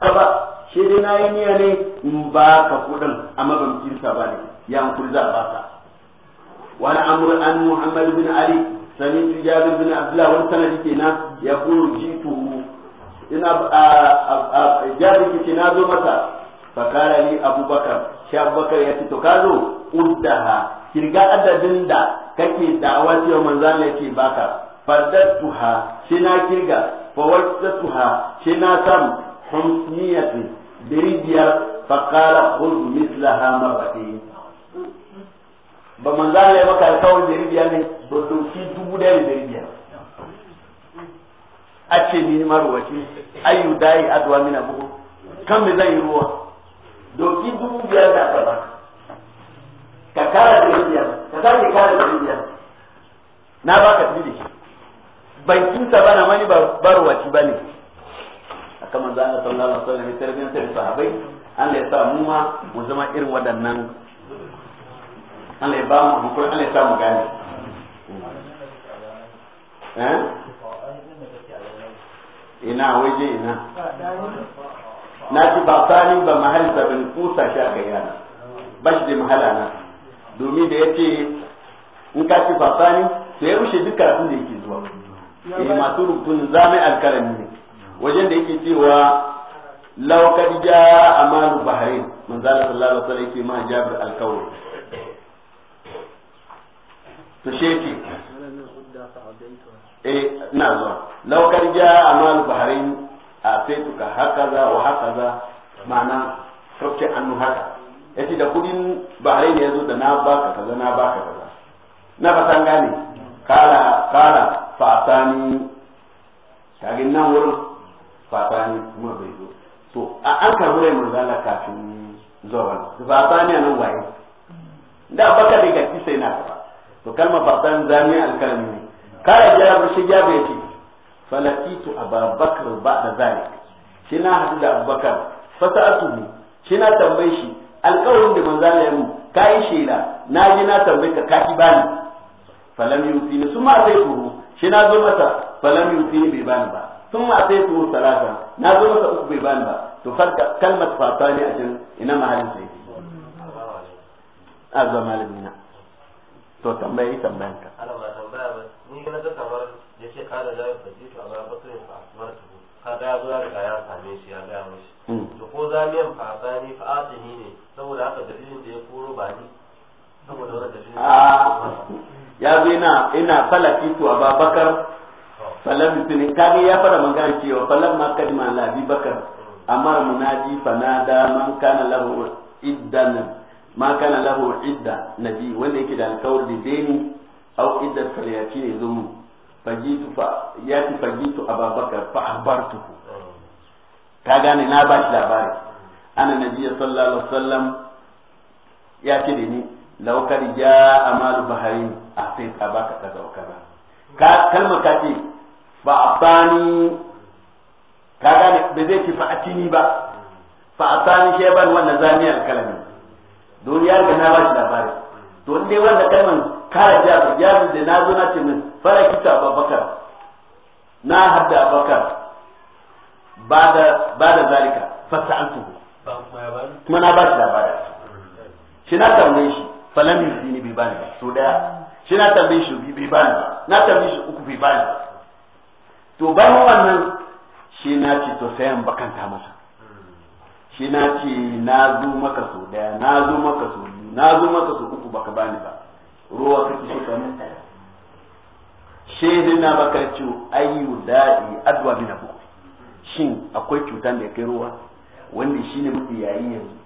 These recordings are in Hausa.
ba shi dai na yi niyya ne in ba ka kudin a ban sa ba ne ya kudi za a ka wani amur an muhammad bin ali sani su jabir bin abdullah wani sanadi na ya kuru jitu ina a jabir ke na zo masa fakara ni abubakar shi abubakar ya ce to ka zo uddaha kirga adadin da kake da'awa cewa manzan ya ce baka faddatuha shi na kirga fawattatuha shi na samu hamsiniyatin dari biyar fakala hudu mislaha marratain ba manzo Allah ya maka alƙawarin biyar ne ba dauki dubu ɗaya a ce ni marwaci ayu dai adwa min kan me zai ruwa doki dubu biyar da aka ka kara da biyar ka biyar na baka dubi ban mani bane haka manzo Allah sallallahu alaihi wasallam tarbiyyan sai sahabbai Allah ya sa mu ma mu zama irin waɗannan Allah ya ba mu hukuri Allah ya sa mu gane eh ina waje ina na ci ba tsari ba mahal sabin kusa sha ga yana ba shi da mahala na domin da ya ce in ka ci ba tsari sai ya rushe duk karatun da yake zuwa eh masu rubutun zamai alkalami ne wajen da yake cewa laukar ja a malu bahrain manzo Allah sallallahu alaihi yake ma Jabir alkawai kawi to sheki eh, na zo laukar ja a malu bahrain a ka haka za wa haka za ma'ana sauke annu haka yace da kudin bahrain ya zo da na baka kaza na baka kaza na fatan gane kala kala fa atani kagin nan wurin sabani kuma bai zo to a an karbi rai manzala kafin zuwa sabani nan waye da baka da gaci sai na gaba to kalma fatan zami alkalmi ne ya rabu shi ya bai ce falakitu ababakar ba da zalik shi na hadu da abubakar fasa'atuhu shi na tambaye shi alkawarin da manzala ya mu yi shela na ji na tambaye ka kaki bani falam ne su ma sai kuru shi na zo masa falam ne bai bani ba sun ma sai su salata na zo masa uku bai bani ba to farka kalmar fata ne a can ina mahalin sai a zuwa malamina to tambayi tambayan ka alama tambaya ba ni na ga kamar ya kada ka ya same shi ya ga mishi to ko mu fa azani fa atini ne saboda haka dalilin da ya koro ba ni saboda wannan dalilin ya zo ina ina falaki to falam bin kage ya fara magana cewa falam ma kadima la bi bakar amar munaji fanada man kana lahu iddan ma kana lahu idda nabi wanda yake da alkawar da deni au idda falyaki ne zo mu fajitu fa ya fi fajitu ababakar fa akhbartu ka gane na ba shi labari ana nabi sallallahu alaihi wasallam ya ce da ni law kad jaa amal bahrain a ah, sai ka baka kaza ka kalma ka ce ba a bani ka gane da zai ci fa'atini ba fa'atani shi ya bani wannan zaniyar kalami don ya na ba shi labari to in dai wannan kalman kara jabir jabir da na zo na ce min fara kita abubakar na hadda abubakar ba da zalika. Fasa an fasa'antu kuma na ba shi labari shi na tambaye shi falamin zini bai bani ba so daya shi na tambaye shi bai bani ba na tambaye shi uku bai bani ba to bayan wannan shi na ce to sayan bakanta masa shi na ce na zo maka so daya na zo maka so biyu na zo maka so uku baka bani ba ruwa kake so ka mun shehin na baka ce ayu da'i adwa min abu shin akwai cutan da kai ruwa wanda shine mafi yayi yanzu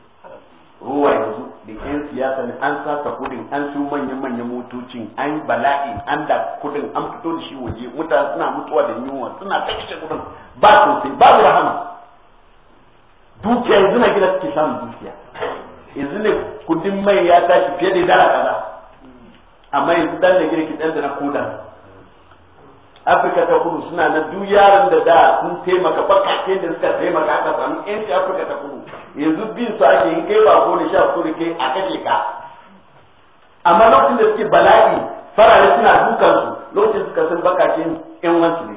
ruwa yanzu da yan siyasa ne an saka kudin an su manyan manyan motocin an bala'i an da kudin an fito da shi waje mutane suna mutuwa da yunwa suna ta kashe kudin ba sosai babu rahama dukiya yanzu na gina suke samun dukiya yanzu ne kudin mai ya tashi fiye da dala kaza amma yanzu dan da gina ki dan da na kodan afirka ta kudu suna na duk yaran da da sun taimaka bakaken da suka taimaka aka samu yanci afirka ta kudu yanzu bin su ake yin kai ba ko da sha kudu kai a kashe ka amma lokacin da suke bala'i farare suna dukan su lokacin suka san bakaken yan wansu ne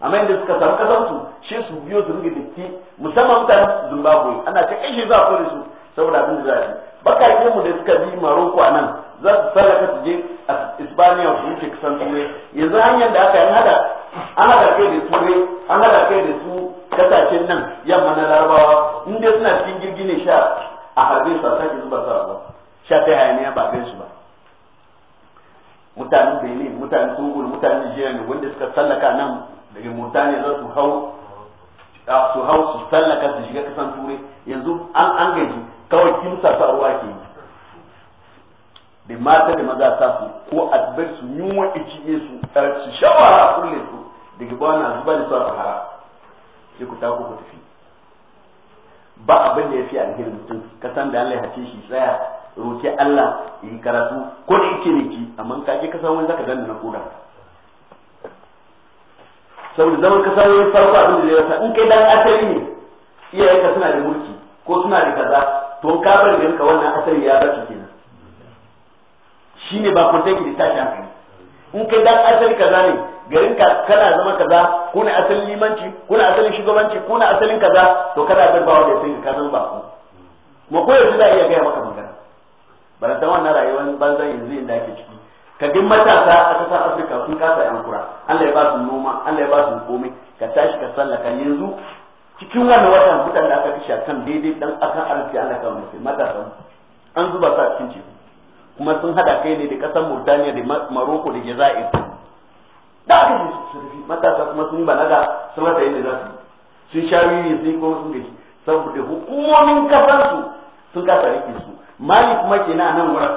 amma inda suka samu kasan su shi su biyo su rike dikki musamman ta zimbabwe ana ta kashe za a kore su saboda abin da za a yi mu da suka bi maroko a nan za su tsallaka su je a Isbaniya su wuce kusan turai yanzu hanyar da aka yi hada an hada kai da turai an hada kai da su kasashen nan yamma na larabawa in dai suna cikin jirgi ne sha a harbe su a sake zuba su ba sha ta hayaniya ba gan su ba mutanen benin mutanen tungul mutanen nigeria ne wanda suka tsallaka nan daga mutane za su hau su hau su tsallaka su shiga kasan turai yanzu an an gaji kawai kimsa ta ruwa ke yi da mata da maza sa su ko a bar su yunwa ikiye su eh, su shawara kulle su daga ba na zuba da su a sahara sai ku ta ku tafi ba abin da ya fi alheri mutum ka san da Allah ya hace shi tsaya roki Allah ya yi karatu ko da yake ne ki amma ka je ka san wani zaka danna na koda saboda zaman ka san wani farko abin da zai rasa in kai dan asali ne iyayenka suna da mulki ko suna da kaza to ka bar ka wannan asali ya rasa kenan shine ba kun take da tashi hankali in kai dan asali kaza ne garin ka kana zama kaza ko ne asalin limanci ko ne asalin shugabanci ko ne asalin kaza to kana bawa da sai ka zama ku mu ko yanzu za iya gaya maka magana barata wannan rayuwar banzan yanzu inda ake ciki ka ga matasa a kasar afirka sun kasa yan kura allah ya ba su noma allah ya ba su komai ka tashi ka sallaka yanzu cikin wannan watan mutane da aka kashe kan daidai dan akan arziki allah ka mutu matasa an zuba sa cikin ciki kuma sun hada kai ne da kasar Murtaniya da Maroko da Jazair da aka yi su tafi matasa kuma sun balaga sun rasa yadda za su sun sha sun yi kuma sun gaji saboda hukumomin kasar su sun kasa rike su mali kuma kenan nan wurin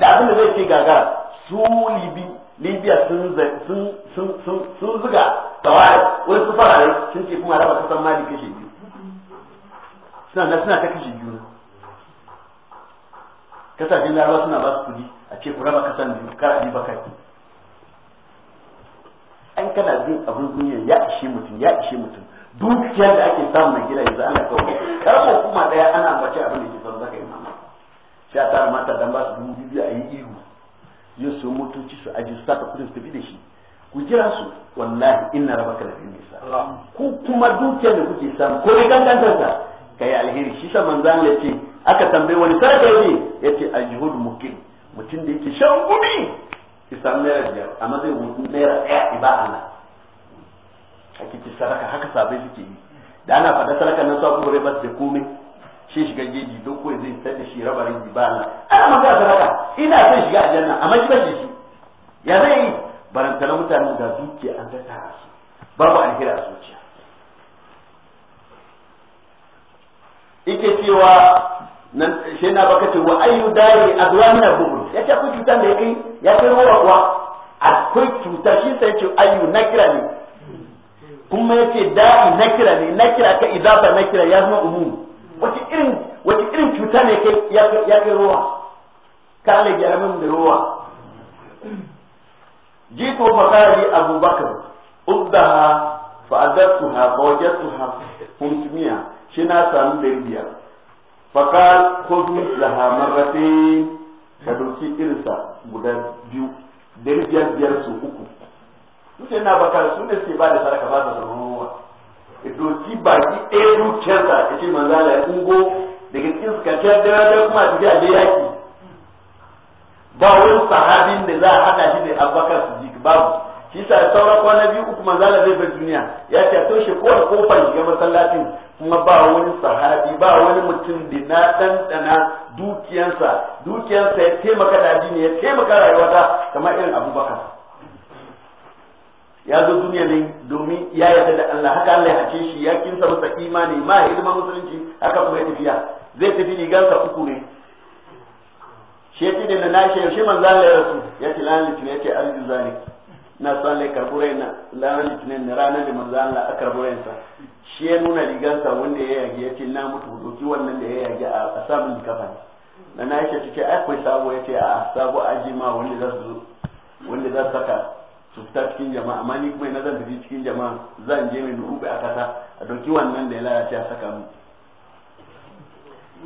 da abin da zai ce gagara su libi libya sun sun sun sun sun zuga tawaye wani su farare sun ce kuma raba kasar mali kashe biyu suna suna ta kashe biyu kasashen larabawa suna ba su kudi a ce ku raba kasan biyu kar a yi an kana jin abin duniya ya ishe mutum ya ishe mutum dukiyar da ake samu na gida yanzu ana kawo karfa kuma daya ana mace abin da ke son zaka yi mama shi a tara mata dan ba su dubu biyu a yi ihu yi su motoci su aji su saka kudin su tafi da shi ku jira su wallahi ina raba ka da nisa ku kuma dukiyar da kuke samu ko ne gangantar kai alheri shi sa manzan ya ce aka tambaye wani sarka ne ya ce aljuhud mukim mutum da yake shan gumi isan naira biyar amma zai wuce naira ɗaya iba ana ake ce saraka haka sabai suke yi da ana faɗa saraka nan sabu rai ba su da komai shi shiga jeji doko zai tsar shi raba rinji ba ana ana magana saraka ina son shiga janna amma shi ba shi ya zai yi barantana mutanen da zuciya an ta tara su babu alheri a zuciya ike cewa shi na baka ce wa ayu dari adwana bugu ya ce akwai cutar da ya kai ya kai ruwa kuwa a kai cutar shi sai ce ayu na kira ne kuma ya ce da'i kira ne na kira ka idafa kira ya zama umu wace irin wace irin cuta ne kai ya kai ruwa ka Allah ya da ruwa jito fakari abubakar ubdaha fa'adatuha ha kuntumiya shi na samu da biyar fakal kudu da rafi ka dauki irinsa guda biyu da biyar biyar su uku suke na bakar su ne ba da saraka ba da ya doki baki ɗaya dukiyarsa ya ce manza da ungo daga cikin sukanciyar dare kuma a tafi a je yaki ba wani sahabin da za a haɗa shi da abubakar ji babu shi sa sauran kwana biyu uku manzala zai bar duniya ya ce a toshe kowar kofar shiga masallacin kuma ba wani sahabi ba wani mutum da na ɗanɗana dukiyansa dukiyansa ya taimaka da addini ya taimaka rayuwata kamar irin abubakar ya zo duniya ne domin ya yarda da Allah haka Allah ya hace shi ya kinsa masa imani ma hidima musulunci haka kuma ya tafiya zai tafi gansa uku ne shi yake da na shi yaushe manzo Allah ya rasu ya ce lan ya ce arzu zalik na san lai karbure na lan ne ranar da manzo Allah aka karbure sa shi ya nuna rigansa wanda ya yage ya ce na mutu doki wannan da ya yage a sabon kafa na na yake cike akwai sabo ya ce a sabo ajima wanda za su wanda za su saka su fita cikin jama'a amma ni kuma na zan tafi cikin jama'a zan je mai dubu a kasa a doki wannan da ya lalace a saka mu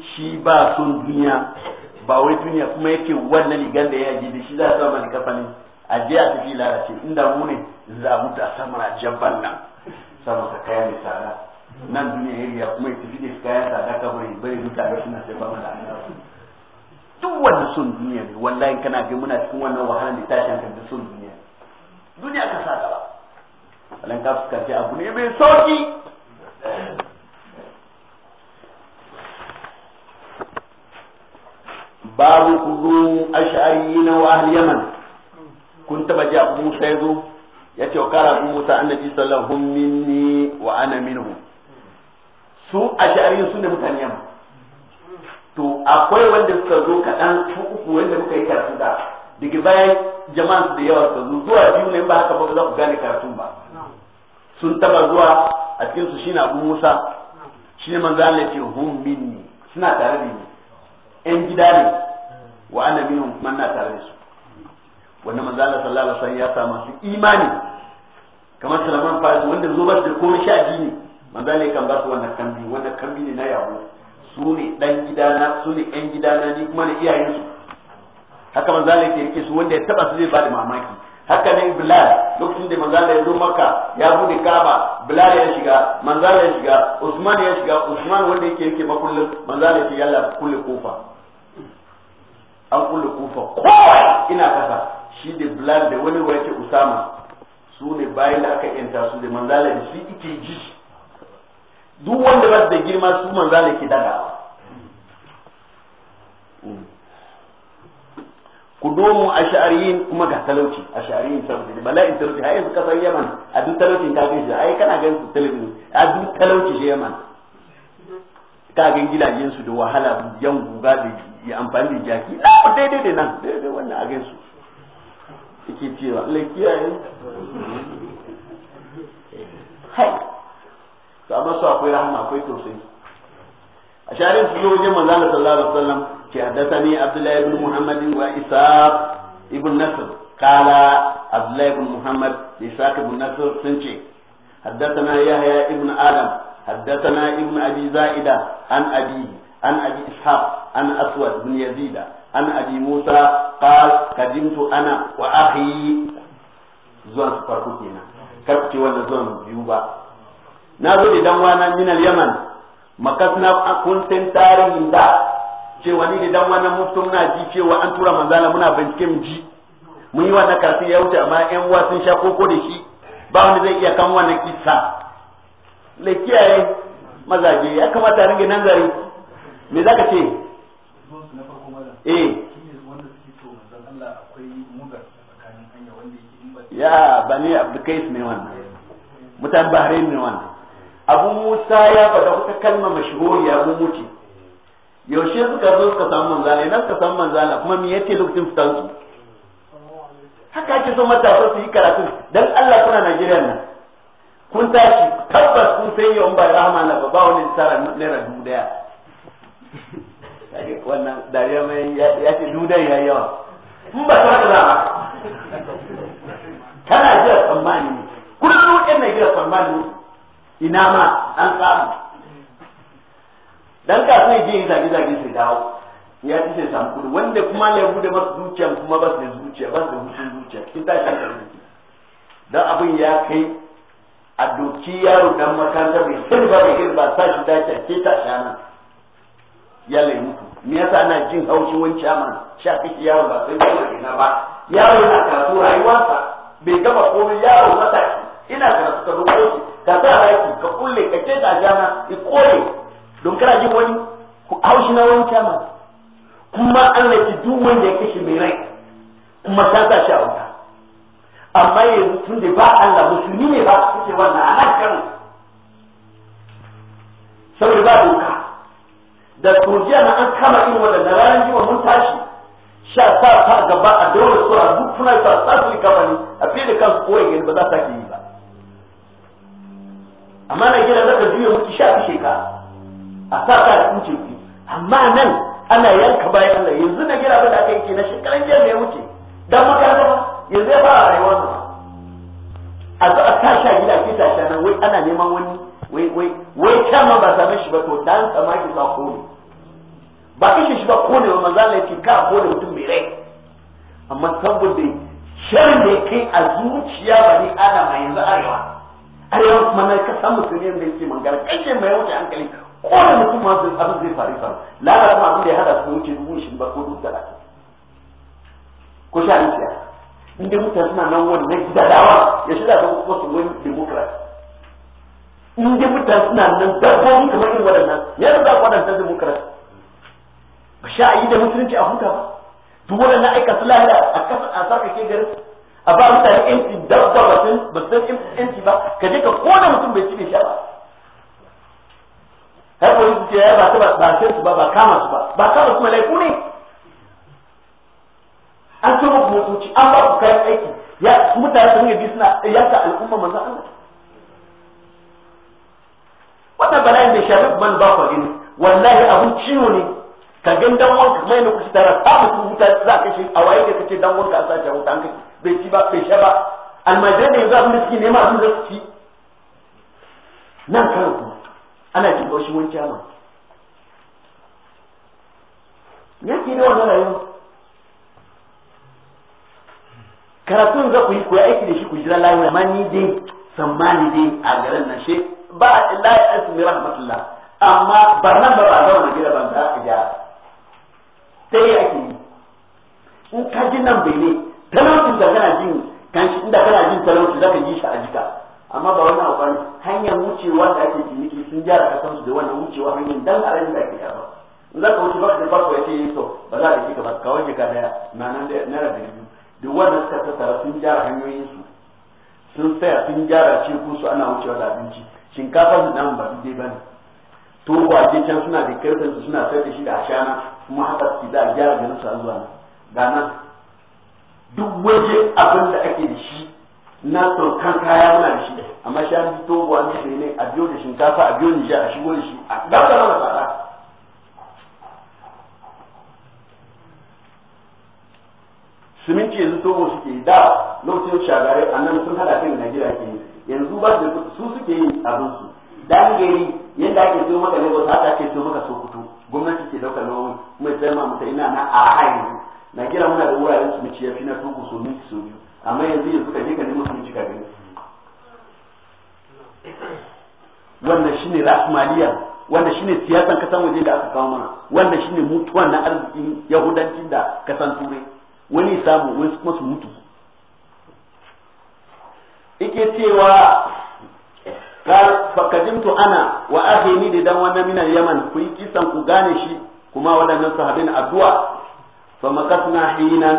shi ba son duniya ba wai duniya kuma yake wannan rigan da ya yage da shi za a sa mani kafa ne a je a tafi lalace inda mu ne za a mutu a samar a jabban nan sama ka kaya mai tsada nan duniya ya riya kuma ya tafi da kaya tsada ka bari bari duka da suna sai ba mana duk wani sun duniya ne wallahi kana ga muna cikin wannan wahala da tashi hankali da sun duniya duniya ka sa ba wannan ka fuskanci abu ne mai sauki babu kuzun ash'ariyina wa ahli yaman kun taba ji abu musa ya zo yace wa kara abu musa annabi sallallahu minni wa ana minhu su ash'ari su ne mutane yamma to akwai wanda suka zo kaɗan su uku wanda muka yi karatu da daga bayan jama'an su da yawa suka zo zuwa biyu ne ba haka ba za ku gane karatun ba sun taba zuwa a cikin su shine abu musa shine manzo Allah ya ce hum minni suna tare da ni yan gida ne wa ana minhu man na tare da su wanda manzo Allah sallallahu alaihi wasallam ya sa masu imani kamar Salman Faris wanda zo ba da komai sha ne manzo Allah kan basu wannan kambi wannan kambi ne na yabo su ne dan gidana su ne ƴan gidana ni kuma ne iyayensu haka manzo Allah ke rike su wanda ya taba su zai ba da mamaki haka ne Bilal lokacin da manzo Allah ya zo Makka ya bude Kaaba Bilal ya shiga manzo Allah ya shiga Usman ya shiga Usman wanda yake yake makullin manzo Allah ya ce yalla kulle kofa an kulle kofa kowa ina kasa shi da blan da wani wake usama su ne bayan da aka yanta su da manzala da shi ike ji duk wanda ba da girma su manzala ke daga mm. ku domo a sha'ariyin kuma ga talauci a sha'ariyin talauci da bala'in talauci har yanzu kasar yaman a duk talaucin ka gan shi ai kana gan su talauci a duk talauci shi yaman ka gan gidajen su da wahala yan guga da amfani da jaki na daidai da nan daidai wannan a gan su cewa hai amma su akwai rahama akwai tausayi a sharin su yi wajen manzo Allah sallallahu alaihi wasallam ke haddathani Abdullahi ibn Muhammad wa Isa ibn Nasr ibn Muhammad da ibn sun ce Yahya ibn Adam haddathana ibn Abi Zaida an Abi an Abi Ishaq an Aswad bin Yazida an abi musa qal kadimtu ana wa akhi zuwan su farko kenan kar ku ce wannan zuwan biyu ba na zo da dan wana min al yaman makasna kun tarihin da cewa ni da dan wana mutum muna ji cewa an tura manzala muna bincike mu ji mun yi wannan karfi ya wuce amma yan uwa sun sha koko da shi ba wanda zai iya kan wannan kissa le kiyaye mazaje ya kamata a ringa nan zari me zaka ce eh ya bani abdukais ne wannan mutan bahrain ne wannan abu musa ya faɗa wata kalma mashhuriya mu mutu yaushe suka zo suka samu manzala ina suka samu manzala kuma me yake lokacin fitan su haka ake so matasa su yi karatu dan Allah kuna Najeriya nan kun tashi tabbas kun sai yawan ba rahama na ba ba wani tsara naira dubu daya wannan dariya mai ya ce dudan ya yawa in ba ta ba kana jira tsammani kullum ɗan na jira tsammani ina ma an samu dan je zage zage sai dawo ya ci sai samu kudu wanda kuma ya bude masu zuciya kuma ba su da zuciya ba su da hutun zuciya tashi dan abin ya kai a doki yaro dan makaranta bai sani ba bai ba sa ke ta shana ya lai me yasa ana jin haushin wani chairman sha kake yaro ba sai ko ina ba yaro yana karatu rayuwarsa bai gama komai yaro mataki ina karatu ka rubuto ka sa raki ka kulle ka ce ka jama i koye don kana jin wani haushi na wani chairman kuma Allah ki duk wanda ya kishi mai rai kuma ta sa shi a wuta amma yanzu tun da ba Allah musulmi ne ba suke wannan a nan Kano saboda ba doka da turjiya na an kama irin wadanda ranar jima mun tashi sha sa ta gaba a dole su a duk suna sa sa su kama ne a fiye da kansu koyi gani ba za ta ke yi ba amma na gina zaka juya mutu sha fi shekara a sa ta kuce ku amma nan ana yanka bayan Allah yanzu na gina ba da aka yi na shekaran jiya mai wuce dan makaranta yanzu ya fara rayuwa a zo a tashi a gida ke tashi nan wai ana neman wani wai wai wai kama ba same shi ba to dan tsamaki ba ko ne ba kashe shi ba kone ba manzo Allah yake ka kone mutum mai rai amma saboda shirin da kai a zuciya ba ni ana mai yanzu arewa arewa kuma na ka samu sunan da yake mangara kashe mai wuce hankali kone mutum ma sun abin zai faru faru lalata ma abin da ya hada su wuce dubu shi ba ko dubu talatin ko sha ni siya inda mutane suna nan wannan gidadawa ya shirya ga su wani demokrasi inda dai mutane suna nan dabbobi kamar yin waɗannan ya da waɗannan demokrasi sha'ayi sha da musulunci a huta ba duk waɗannan aika su lahira a kasar a saka ke garin a ba mutane yanci dabba ba sun ba sun yanci ba ka je ka kona mutum bai ci bai sha ba har ko su ce ya ba ta ba ba su ba ba kama su ba ba kama su malaiku ne an so muku motoci an ba ku kayan aiki ya mutane sun bi suna yasa al'umma manzon Allah wannan bala'in da shafi man ba ku gani wallahi abun ciwo ne ka gan dan wanka mai na kusa tara ta mutu wuta za ka shi a waye ka ce dan wanka a sace wuta an kashe bai ci ba bai sha ba almajiran ne za su suke nema abin da su ci nan kan ku ana jin bashi wanke ma ya ke da wannan rayuwa karatun za ku yi koya aiki da shi ku jira lafiya amma ni dai sammani dai a garin nan she ba la ya asmi rahmatullah amma ba nan ba ba zauna gida ban da ka sai ya yi in ka ji nan bai ne talauci da kana jin kanshi inda kana jin talauci zaka ji shi a jika amma ba wani abu ne hanyar wucewa da ake ciniki sun gyara kasan su da wannan wucewa hanyar dan alaji da ake yaba in ka wuce ba da farko yace yi to ba za a ji ka ba ka waje ka daya na nan da na rabi biyu duk wannan suka tattara sun gyara hanyoyin su sun tsaya sun gyara cikin su ana wucewa da abinci shinkafa su dan ba dai ne to ba can suna da kirkin suna sayar da shi da ashana kuma haka ki za a gyara garin sa zuwa ga duk waje abin da ake da shi na saukan kaya muna da shi amma shi an fito wa ne da ne a biyo da shinkafa a biyo nisha a shigo da shi a gaba da fara siminti yanzu togo suke da lokacin shagare a nan sun hada kan najeriya ke yanzu ba su suke yin abinsu da dan gari yadda ake so maka lagos haka ake so maka so sokoto gwamnati ke daukar nauyi mai ya zama mutane na na a haini na kira muna da wuraren su mici ya fi na tuku so miki so biyu amma yanzu yanzu ka je ka nemo su mici ka gani wannan shine rasmaliya wannan shine siyasan kasan waje da aka kawo mana wannan shine mutuwan na arzikin yahudancin da kasan turai wani samu wani kuma su mutu ike cewa fa فقدمت ana wa ني دي dan wannan minan yaman ku yi kisan ku gane shi kuma wadannan sahabin addu'a fa makasna hinan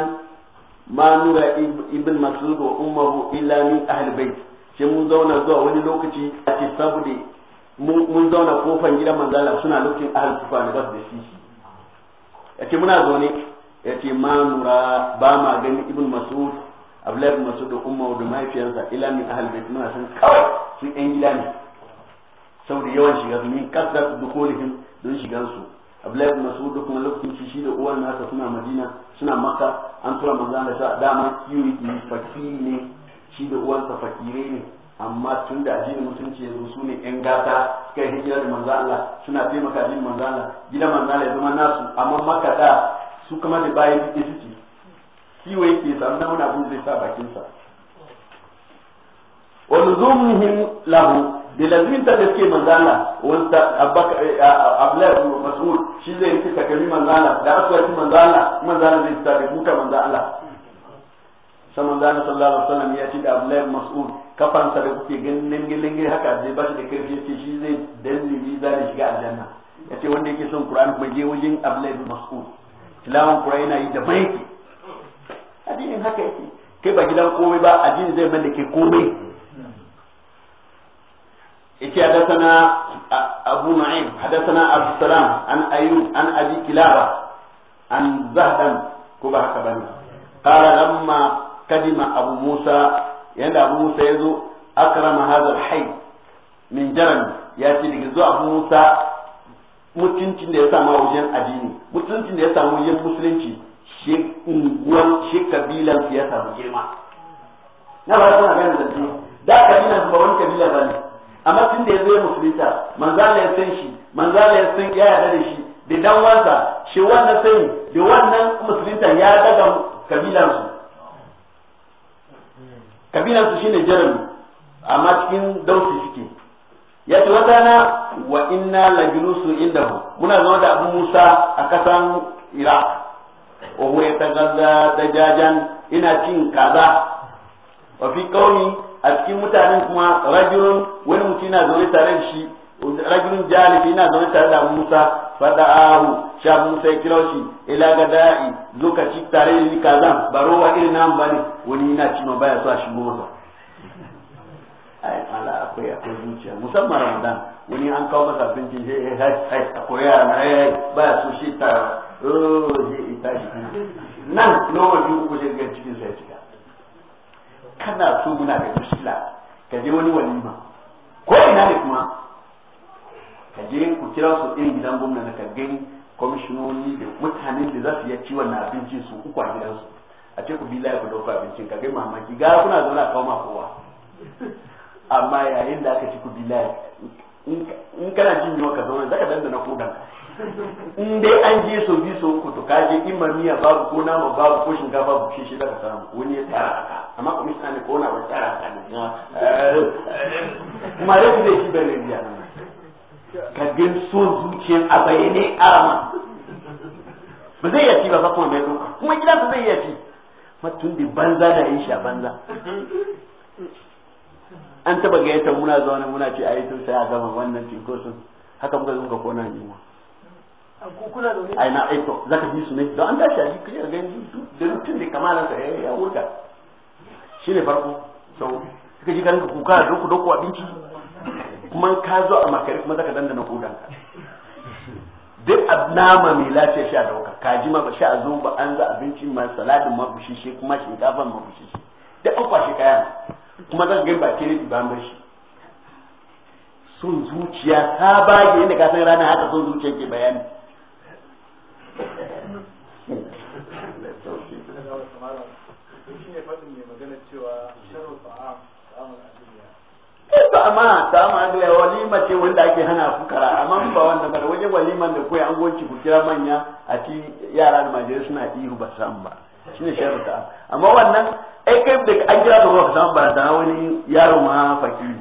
ma nura ibn mas'ud wa ummuhu illa min ahli bait ce mun zauna zuwa wani lokaci a ce saboda mun zauna kofan gidan manzala suna lokacin ahli kufa ne basu da shi yace muna zaune yace ma nura ba ma gani ibn mas'ud abdullahi mas'ud da ummuhu da mahaifiyarsa illa min ahli bait muna san kawai sun yan gida ne saboda yawan shiga min kasar dukolihim don shigansu abdullahi ibn mas'ud kuma lokacin shi da uwan nasa suna madina suna maka an tura manzo da sa dama kiwi ne fakiri ne shi da uwansa fakire ne amma tun da ajiyar musulunci yanzu su ne yan gata suka yi hijira da manzo Allah suna taimaka jin manzo Allah gidan manzo Allah ya zama nasu amma maka da su kama da bayan suke kiwo yake samu na wani abin zai sa bakinsa wa nuzumuhum lahu da lazimta da suke manzala wanda abla eh, eh, mas'ud shi zai yi takami manzala da aswati manzala manzala zai tsaka buta manzala sai manzala sallallahu alaihi wasallam ya ce da abla mas'ud kafansa da kuke ganin gilingi haka zai ba shi da kirki ce shi zai dalili zai shiga aljanna yace wanda yake son qur'ani kuma je wajen abla mas'ud tilawan qur'ani yana yi da baiki adinin haka yake kai ba gidan komai ba addini zai mallake komai yace حدثنا abu nu'aym حدثنا أبو السلام an أيوب عن abi kilaba an zahdan كبه ba قال لما أبو kadima abu musa موسى abu musa هذا akrama من جرم يأتي min jaran ya ce da ya samu wajen addini mutuncin da ya samu wajen musulunci shi unguwan shi kabilan ya samu girma na ba suna gane zance da kabilan ba wani kabila ba ne amma tun da ya zo ya musulunta manzala ya san shi manzala ya san ya yarda da shi da dan wansa shi wannan sai da wannan musulunta ya daga kabilansu su shine jeremy amma cikin dausi suke ya ce wata na wa inna la julusu muna zama da abu musa a kasan iraq wa huwa yatagazza dajajan ina cin kaza wa fi kauni a cikin mutanen kuma rajulun wani mutum na zaune tare da shi rajulun jalibi na zaune tare da Musa fada'ahu sha Musa ya kira shi ila gada'i zo ka ci tare da ni kazan ba irin nan bane wani yana ci ma baya so a shigo masa ai ala akwai akwai zuciya musamman Ramadan wani an kawo masa abincin sai ya hai akwai yara ai baya so shi ta oh ita shi nan nawa biyu ku shiga cikin sai cika kana so muna ga mushkila ka je wani walima ko ina ne kuma ka je ku kira su irin gidan gwamna na gani kwamishinoni da mutanen da za su iya wannan abincin su uku a gidansu a ce ku bi layi ku dauka abincin ka gai mamaki ga kuna zaune a kawo ma kowa amma yayin da aka ci ku bi layi in kana jin yiwa ka zaune zaka dandana kodan in dai an je so bi so uku to kaje imamiya babu ko nama babu ko shinkafa babu shi shi zaka samu wani ya tsara haka amma shi ne ko na ba tsara haka ne kuma da ku shi bane biya ka gan so zuciya a bayyane arama ba zai yaci ba fa kuma bai ɗauka kuma ba zai yaci matun da banza da yin shi banza an taba gayyatar muna zaune muna ce a yi tun sai a gama wannan cinkoson haka muka zunga muka kona jima kuna zaune ai na aito zaka ji su ne don an tashi a ji kuje ga da mutum da kamalan sa eh, ya huta shine farko sau suka ji ganin kuka da doko doku abinci kuma ka zo a makare kuma zaka dandana hudan ka duk abnama mai lafiya sha dauka kaji ma ba sha zo ba an za abinci ma salatin ma bushishe kuma shinkafan ma bushishe duk an kwashe kayan kuma zan gani ba kere ba mai shi sun zuciya ta bage inda ka san rana haka sun zuciya ke bayani ba amma ta ma da walima ce wanda ake hana fukara amma ba wanda ba wajen waliman da koyi angoci ku kira manya a ci yara da majalisar suna ihu ba san ba shine sharri ta amma wannan ai kai da an kira da ka san ba da wani yaro ma fakiri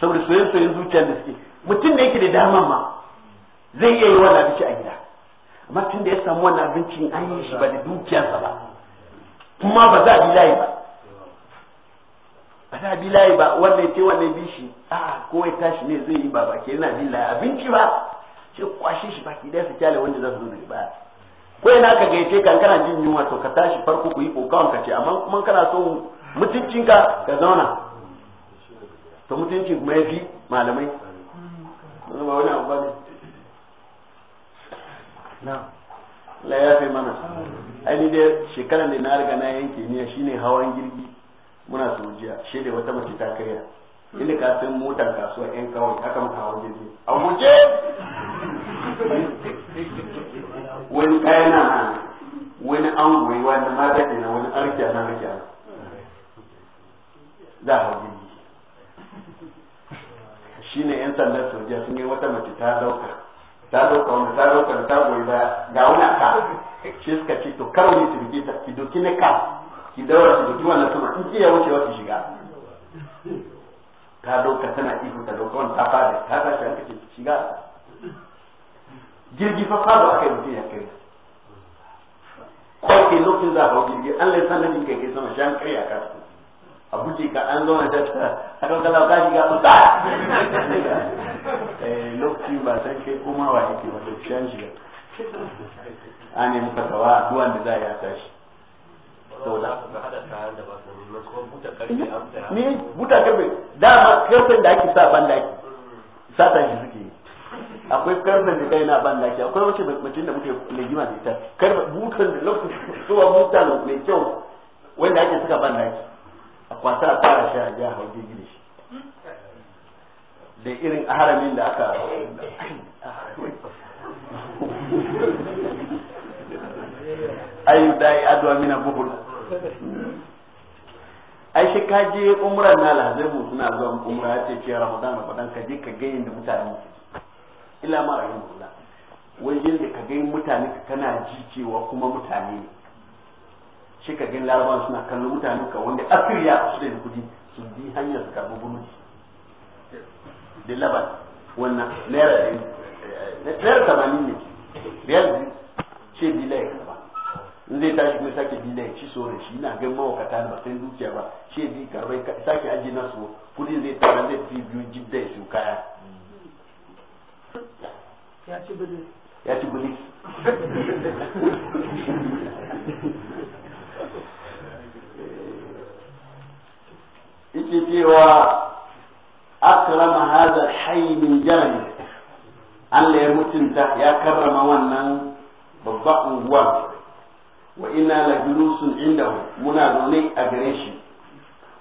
saboda soyayya soyayyen zuciyar da suke mutum da yake da dama ma zai iya yi wannan a gida amma tun da ya samu wannan abincin an yi shi ba da dukiyarsa ba kuma ba za a bi layi ba ba za a bi layi ba wannan ce wannan bi shi a kowai tashi ne zai yi ba ba ke yana bin layi abinci ba ce kwashe shi ba ɗaya su kyale wanda za su zo daga baya ko yana ka gaice kan kana jin yunwa to ka tashi farko ku yi kokawan ka ce amma kuma kana so mutuncin ka zauna to mutuncin kuma ya fi malamai wani abu ba ne la ya fi mana aini da shekarar da na riga na yanke ne shine hawan girgi muna sojiya shi da wata mace ta karya inda ka san motar kasuwa yan kawai haka muka hawan girgi a guje wani kaya na wani an goyi wani ma ke na wani arkiya na arkiya za a hawan girgi shine yan sandar sojiya sun yi wata mace ta dauka ta zo ka wanda ta zo ka ta goyi baya ga wani aka ka ki daura ki doki wannan sama ya wuce wasu shiga ta doka tana ihu ta doka wani ta fada shiga jirgi fa fado aka yi ya kai ko ke lokacin za a jirgi an lai sanar da kai sama shan a buce ka an zo da ta a kan kalau ka shiga kusa eh, lokaci ba san kai kuma wa yake ba lokaci an shiga a ne muka tawa duwan da za a yi a tashi saboda ni buta karfe dama karfen da ake sa ban daki sata shi suke akwai karfen da kai na ban daki akwai wace mutum da muke legima da ita karfe butan da lokacin zuwa butan mai kyau wanda ake suka ban daki a kwasa a fara shi a jiya hau jirgi da shi da irin haramin da aka ayu da ya adwa mina buhul ai shi ka je umra na lazai mu suna zuwa umra ya ce ce ramadan na ka je ka ga da mutane ila ma rahimullah wajen da ka gani mutane kana ji cewa kuma mutane ne shi ka gani larabawa suna kallon mutane ka wanda afirya su da kudi su bi hanyar su karbi gwamnati da laban wannan naira eh, eh, naira tamanin ne riyal ce bila ya karba in zai tashi kuma sake bila ya ci so da shi na gan mawakata da sai dukiya ba ce bi karba sake aji na so kudi zai tara zai fi biyu jidda su kaya ya ci bilis ya ci bilis yake cewa akrama hadha hayy min jarani Allah ya mutunta ya karrama wannan babba unguwa wa ina la julusun indahu muna zaune a gare shi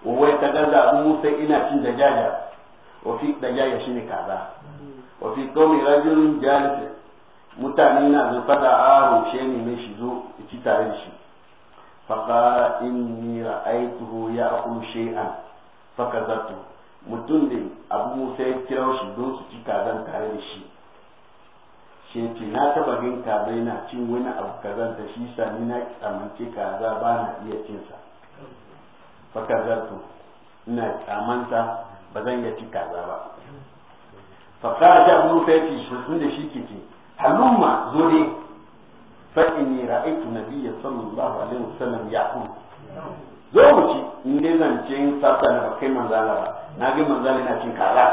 wa wai tagaza musa ina cin dajaja wa fi dajaja shine kaza wa fi qawmi rajulun jalis mutane na zo fada a rushe ne mai shi zo ci tare da shi faqa inni ra'aytuhu ya'kulu shay'an zato mutum da abu musa ya kira shi don su ci kazan tare da shi shi ce na taba gan kaza yana cin wani abu kazan da shi sa ni na tsamance kaza ba na iya cin sa zato ina tsamanta ba zan iya ci kaza ba faka ta abu musa ya ci shi da shi ke ce halumma zo dai fa inni ra'aytu nabiyya sallallahu alaihi wasallam ya'kul zo mu ci in dai zancen sassa na kai manzana ba na ga manzana na cin kaza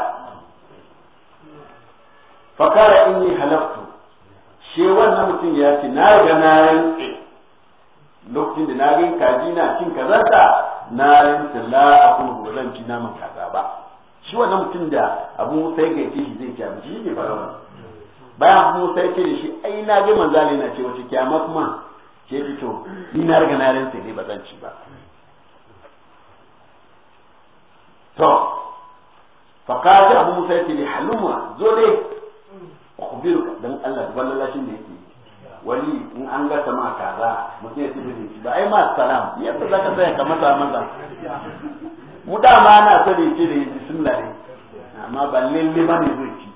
fa in yi halaftu she wannan mutum ya ce na ga na rantse lokacin da na ga kaji na cin kaza ta na rantse la a kuma goran ci naman kaza ba shi wannan mutum da abu sai ga ce shi zai ci abinci ne fara bayan abu sai ce da shi ai na ga manzana na ce wace kyama kuma ce fito ni na riga na rantse ne ba zan ci ba to fakati abu musa yake ne haluma zo dai ukhbiru dan Allah duban lallashin ne yake wali in an ga sama kaza mutum ya tafi ba ai ma salam ta zaka tsaya ka masa maza mu da ma na so da yake da bismillah amma ba lalle ba ne zo ki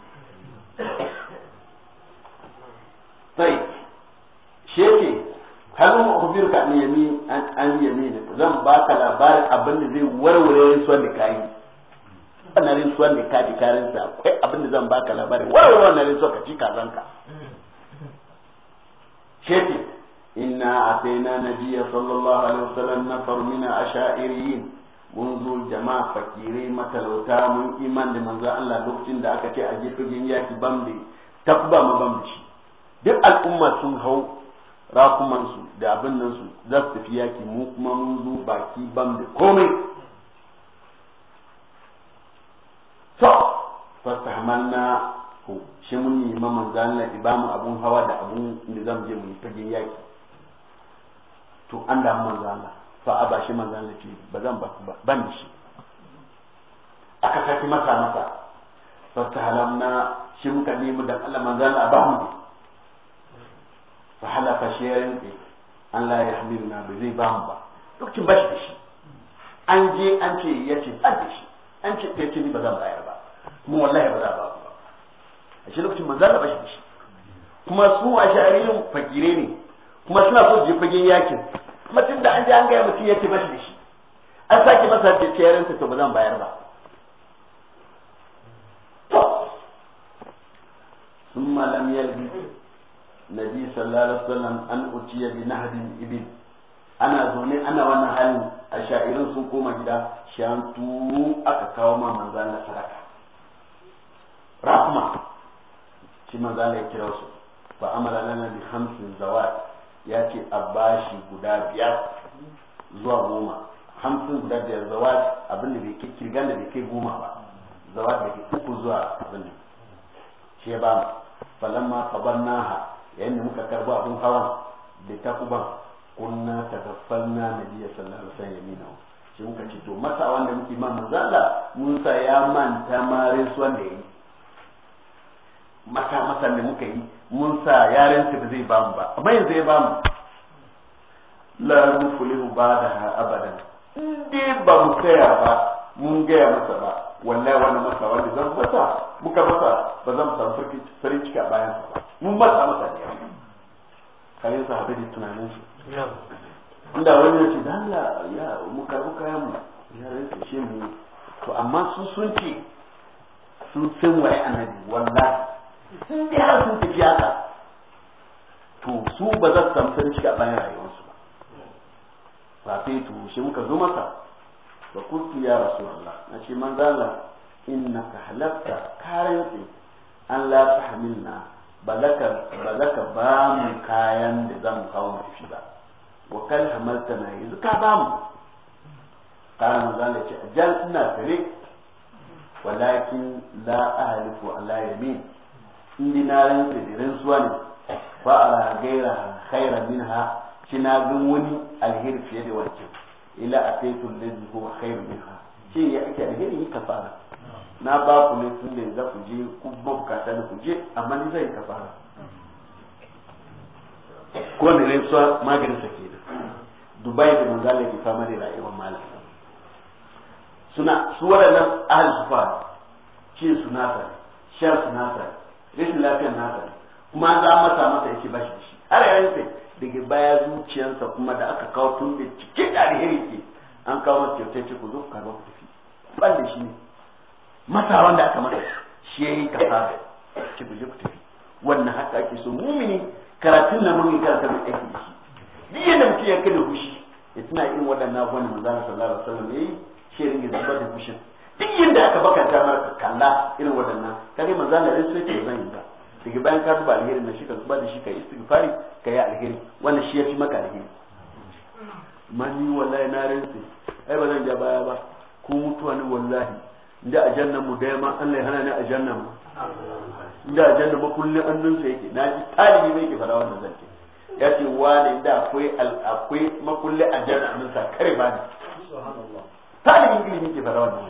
an yami an yami zan baka labarin abin da zai warware rinsuwan da kayi wannan rinsuwan da kaji karin sa akwai abin da zan baka labarin warware wannan rinsuwan ka ci kazanka shefi inna na nabiyya sallallahu alaihi wasallam nafar min asha'iriyin mun zo jama'a fakirai matalauta mun iman da manzo Allah lokacin da aka ce a gefen yaki bambe tabba ma bambe shi duk al'umma sun hau rakumansu da abin nan su za su tafi yaki mu kuma mun zo baki ban da komai to hamanna ko shi mun yi ma manzan Allah bamu abun hawa da abun da zamu je mu fage yaki to an da manzo Allah fa ba shi manzo Allah ce ba zan ba ban shi aka saki masa masa fastahlamna shi muka nemi da Allah manzan Allah ba mu fa halafa shi ya rinke Allah ya hamilu na bai zai mu ba duk ba shi da shi an je an ce ya ce ba da shi an ce ya ce ni ba zan bayar ba kuma wallahi ba za ba ku ba a ce lokacin manzan da bashi shi da shi kuma su a sha'ariyin fakire ne kuma suna so je fagen yakin kuma tun da an je an gaya mutum ya ce bashi shi da shi an sake masa ce yarinta to ba zan bayar ba sun malam yalbi nabi sallallahu alaihi wasallam an utiya bi nahdin ibil ana zaune ana wannan halin a sha'irin sun koma gida shantu aka kawo ma manzan na sadaka rahma shi manzan ya kira su fa amara lana bi hamsin zawat ya ce a bashi guda biyar zuwa goma hamsin guda biyar zawat abin da bai kirgan da bai kai goma ba zawat da ke uku zuwa abin da shi ya ba mu falamma kabarnaha yayin da muka karba abin hawan da takuban kunna na nabiyya sallallahu alaihi wasallam yamina shi muka ce to masa wanda muke ma manzalla Musa ya manta marin su wanda yayi mata masa da muka yi Musa ya da ba zai bamu ba amma yanzu ya bamu la nufulihu ba'daha abadan in dai ba mu tsaya ba mun gaya masa ba wallahi wannan masa wanda zan fata muka masa ba zan mu samu farin ciki a bayan sa ba mun ba sa masa ne kare sa haɗe tunanin su inda wani ya ce da Allah ya mu karbi ya mu ya rinsa shi mu to amma sun sun ce sun san waye annabi wallahi sun dai har sun tafi haka to su ba za su samu farin ciki a bayan rayuwarsu ba ba sai to shi muka zo masa ba kuntu ya rasulullah na ce manzala Inna halakta karanci an la tahmilna ba za ka ba mu kayan da za mu kawo mu shi ba wa kan hamalta na yanzu ka ba mu kana mu zan ce ajal ina tare walakin la ahlifu ala yamin indi na da rantsuwa ne ba a gaira khairan minha shi na wani alheri fiye da wancan ila a ataitul ladhi huwa khairun minha shi ya ake alheri ka fara na ba ku ne tun da za ku je ku mabukata ne ku je amma ni zai ka fara ko ne ne sa maganin sa da dubai da manzala ke fama da rayuwar malam suna su waɗannan ahli sufa cin su nasa shan su nasa rashin lafiyar nasa kuma za za masa masa yake bashi da shi har yayin sai daga baya zuciyarsa kuma da aka kawo tun da cikin da alheri ke an kawo masa kyautai ce ku zo ku karba ku tafi ban da shi ne masa wanda aka mata shi yayi kasa ki buje ku tafi wannan haka ake so mumini karatun na mun karanta mu aiki da shi ni yadda mutum ya kada hushi ya tuna irin waɗannan abubuwan da manzon sallallahu alaihi wasallam yayi shi ya ringa da hushin duk yadda aka bakanta mara ka kalla irin waɗannan kage manzon da sai ce zan yi ba daga bayan ka zuba alheri na shi ka zuba da shi ka yi istighfari ka yi alheri wannan shi ya fi maka alheri mani wallahi na rinse ai ba zan ja baya ba ko mutuwa ne wallahi inda a jannan mu da yamma Allah ya hana ni a jannan mu inda a jannan mu kullun annunsa sa yake na ji talibi mai ke fara wannan zance ya ce ne da akwai akwai makulli a jannan annun sa kare ba ni talibi ilimi ke fara wannan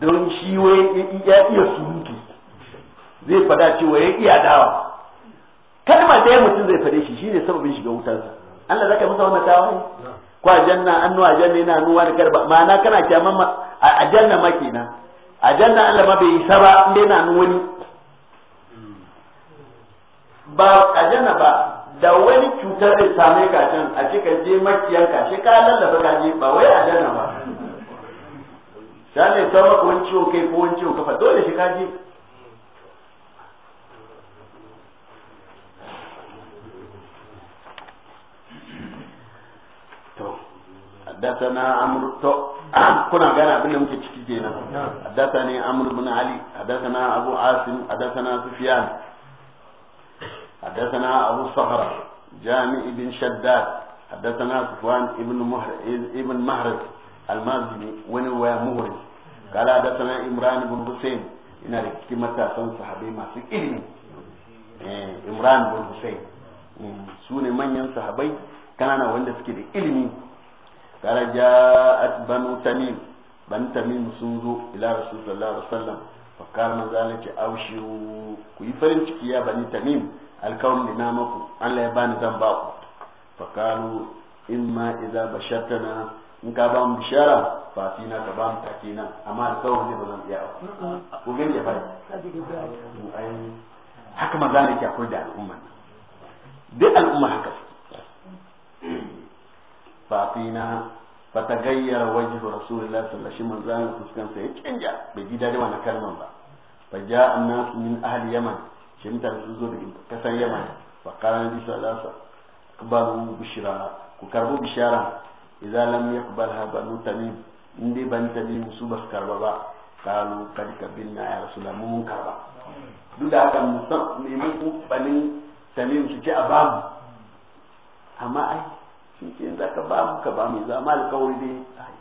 don shi wai ya iya surutu zai fada cewa ya iya dawa kalma da mutum zai fade shi shine sababin shiga wutarsa Allah zaka masa wannan dawa ko a janna annu a janna yana nuwa da karba ma'ana kana kyaman a ajanna ma kenan ajanna Allah ma bai isa ba inda yana nan wani ba ajanna ba da wani cutar da same ka can a ce ka je makiyan ka shi ka lallaba ka je ba wai ajanna ba sai ne sai ko wani ciwon kai ko wani ciwon kafa dole shi ka je حدثنا عمرو تو كنا غانا بن muke ciki kenan حدثني عمرو بن علي حدثنا ابو عاصم حدثنا سفيان حدثنا ابو صخرة جامع بن شداد حدثنا سفوان ابن مهر ابن مهرز المازني وين هو مهرز قال حدثنا عمران بن حسين ina da cikin matasan sahabai masu ilimi imran bin hussein su ne manyan sahabai kanana wanda suke da ilimi kara ja'at banu tamim banu tamim sun zo ila rasul sallallahu alaihi wasallam fa kana zalika aushiru ku yi farin ciki ya bani tamim alkawun na maku Allah ya bani zan ba ku fa kanu imma idza bashartana in ka ba mu bishara fa ka ba mu amma alkawun ne ba zan iya ku ku gani ya fara haka ma zalika akwai da al'umma duk al'umma haka fafina fatagayyara wajhu rasulullahi sallallahu alaihi wasallam zan fuskan sa ya canja bai ji dadi wani kalman ba Ba ja'a an-nas min ahli yaman shi mutane sun zo daga kasar yaman fa qala nabi sallallahu alaihi wasallam akbaru bishara ku karbu bishara idza lam yaqbalha banu tamim indi ban tamim su bas karba ba kalu kad kabinna ya rasulullah mun karba duk da haka musamman ne mu banin tamim su ce a babu amma ai shi ke za ka ba mu ka ba mu za kawai dai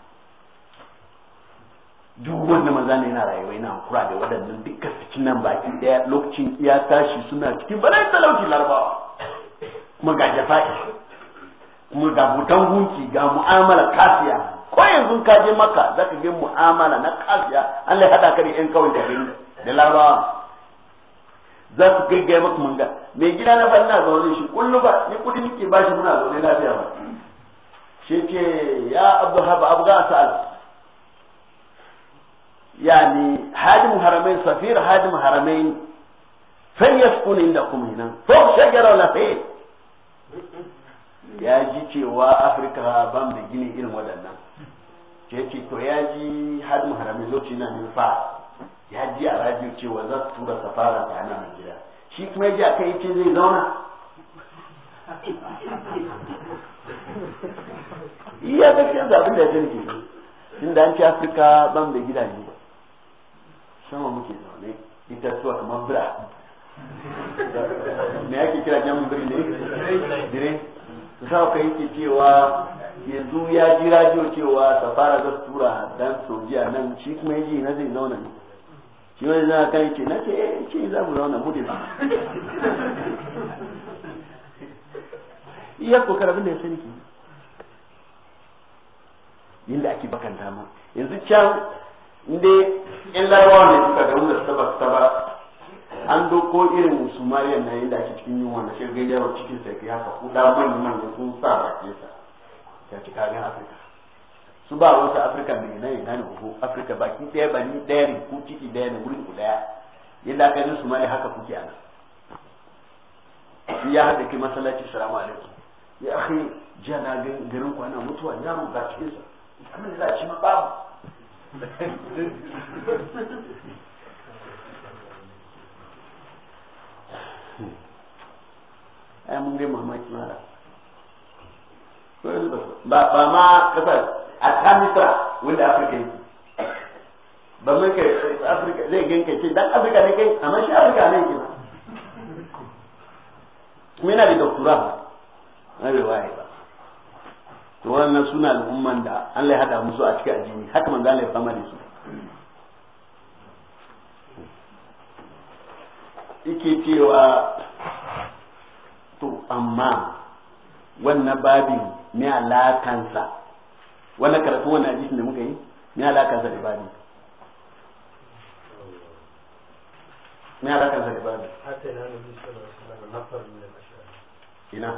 duk wanda maza ne yana rayuwa yana hankura da waɗannan duka cikin nan baki ɗaya lokacin ya tashi suna cikin balai talauci larabawa kuma ga jafa'i kuma ga butan gunki ga mu'amala kafiya ko yanzu ka je maka za ka ga mu'amala na kafiya an lai haɗa ka da ƴan kawai da larabawa za su gaggaya maka manga mai gida na ban na zaune shi kullu ba ni kudi nake ba shi muna zaune lafiya ba shi ke ya abu haba abu ga sa'al yani hadim haramain safir hadim haramain fan yaskun indakum nan to shagara la fe ya ji cewa afirka mu da gini irin waɗannan ce ce to ya ji hadim haramain lokaci na nufa ya ji a radio cewa za su tura safara ta hana mai gida shi kuma ya ji a kai yake zai zauna iya gaskiyar da abin da ya jirgi inda an ci afirka ban da ne sama muke zaune ita suwa kamar bira me ake kira jan biri ne dire su sa kai yake cewa yanzu ya ji radio cewa safara za su tura dan sojiya nan shi kuma yaji na zai zauna ne yau za ka yi ce na ce eh ce za mu zauna mu ba iya ko abin da ya sani ki yadda ake bakan dama yanzu can inda yan larabawa ne suka da wanda suka ba ba an doko irin sumariya na da ake cikin yunwa na shirgai yawon cikin sai ya haka kuɗa manyan manyan sun sa bakinsa ya ci kagan afirka su ba wasu afirka mai nan yana ne ko afirka baki ɗaya ba ni daya ne ko ciki daya ne wurin ku yadda aka yi su ma haka kuke ana ya haɗa ke masallaci salamu alaikum ya akhi jiya na garin kwana mutuwa yaro ba cikin sa alhamdulillah shi ma babu ai mun ga mamaki mara ba ma kasar hatta misra wanda afirka yake ba mai kai afirka zai ganka ce dan afirka ne kai amma shi afirka ne yake kuma yana da doktora na bai waye ba to wannan suna al'umman da Allah ya hada musu a cikin addini haka manzo Allah ya fama da su yake cewa to amma wannan babin me alakansa wannan karatu wannan hadisin da muka yi me alaka sa da ne. me alaka sa da babu ina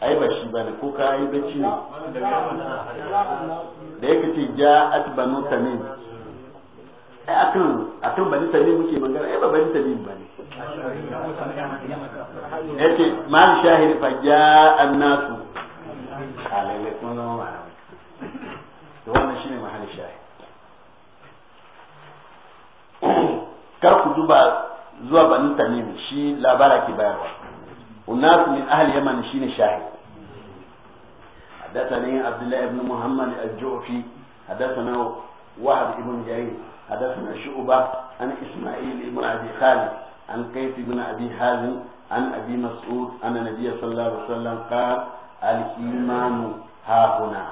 ai ba shi ba ne ko ka yi bacci ne da yake ce ja atbanu tamim ai akan akan bani tamim muke magana ai ba bani tamim ne yake mal shahid fa ja annasu nasu lalle kuma zama malamai da wannan shine mahallin shahi kar ku duba zuwa banin tamim shi labara ke bayarwa unas min ahli yaman shine shahi حدثني عبد الله بن محمد الجعفي حدثنا وهب بن جرير حدثنا شعبة عن إسماعيل بن أبي خالد عن كيف بن أبي حازم عن أبي مسعود أن النبي صلى الله عليه وسلم قال al-imanu hahuna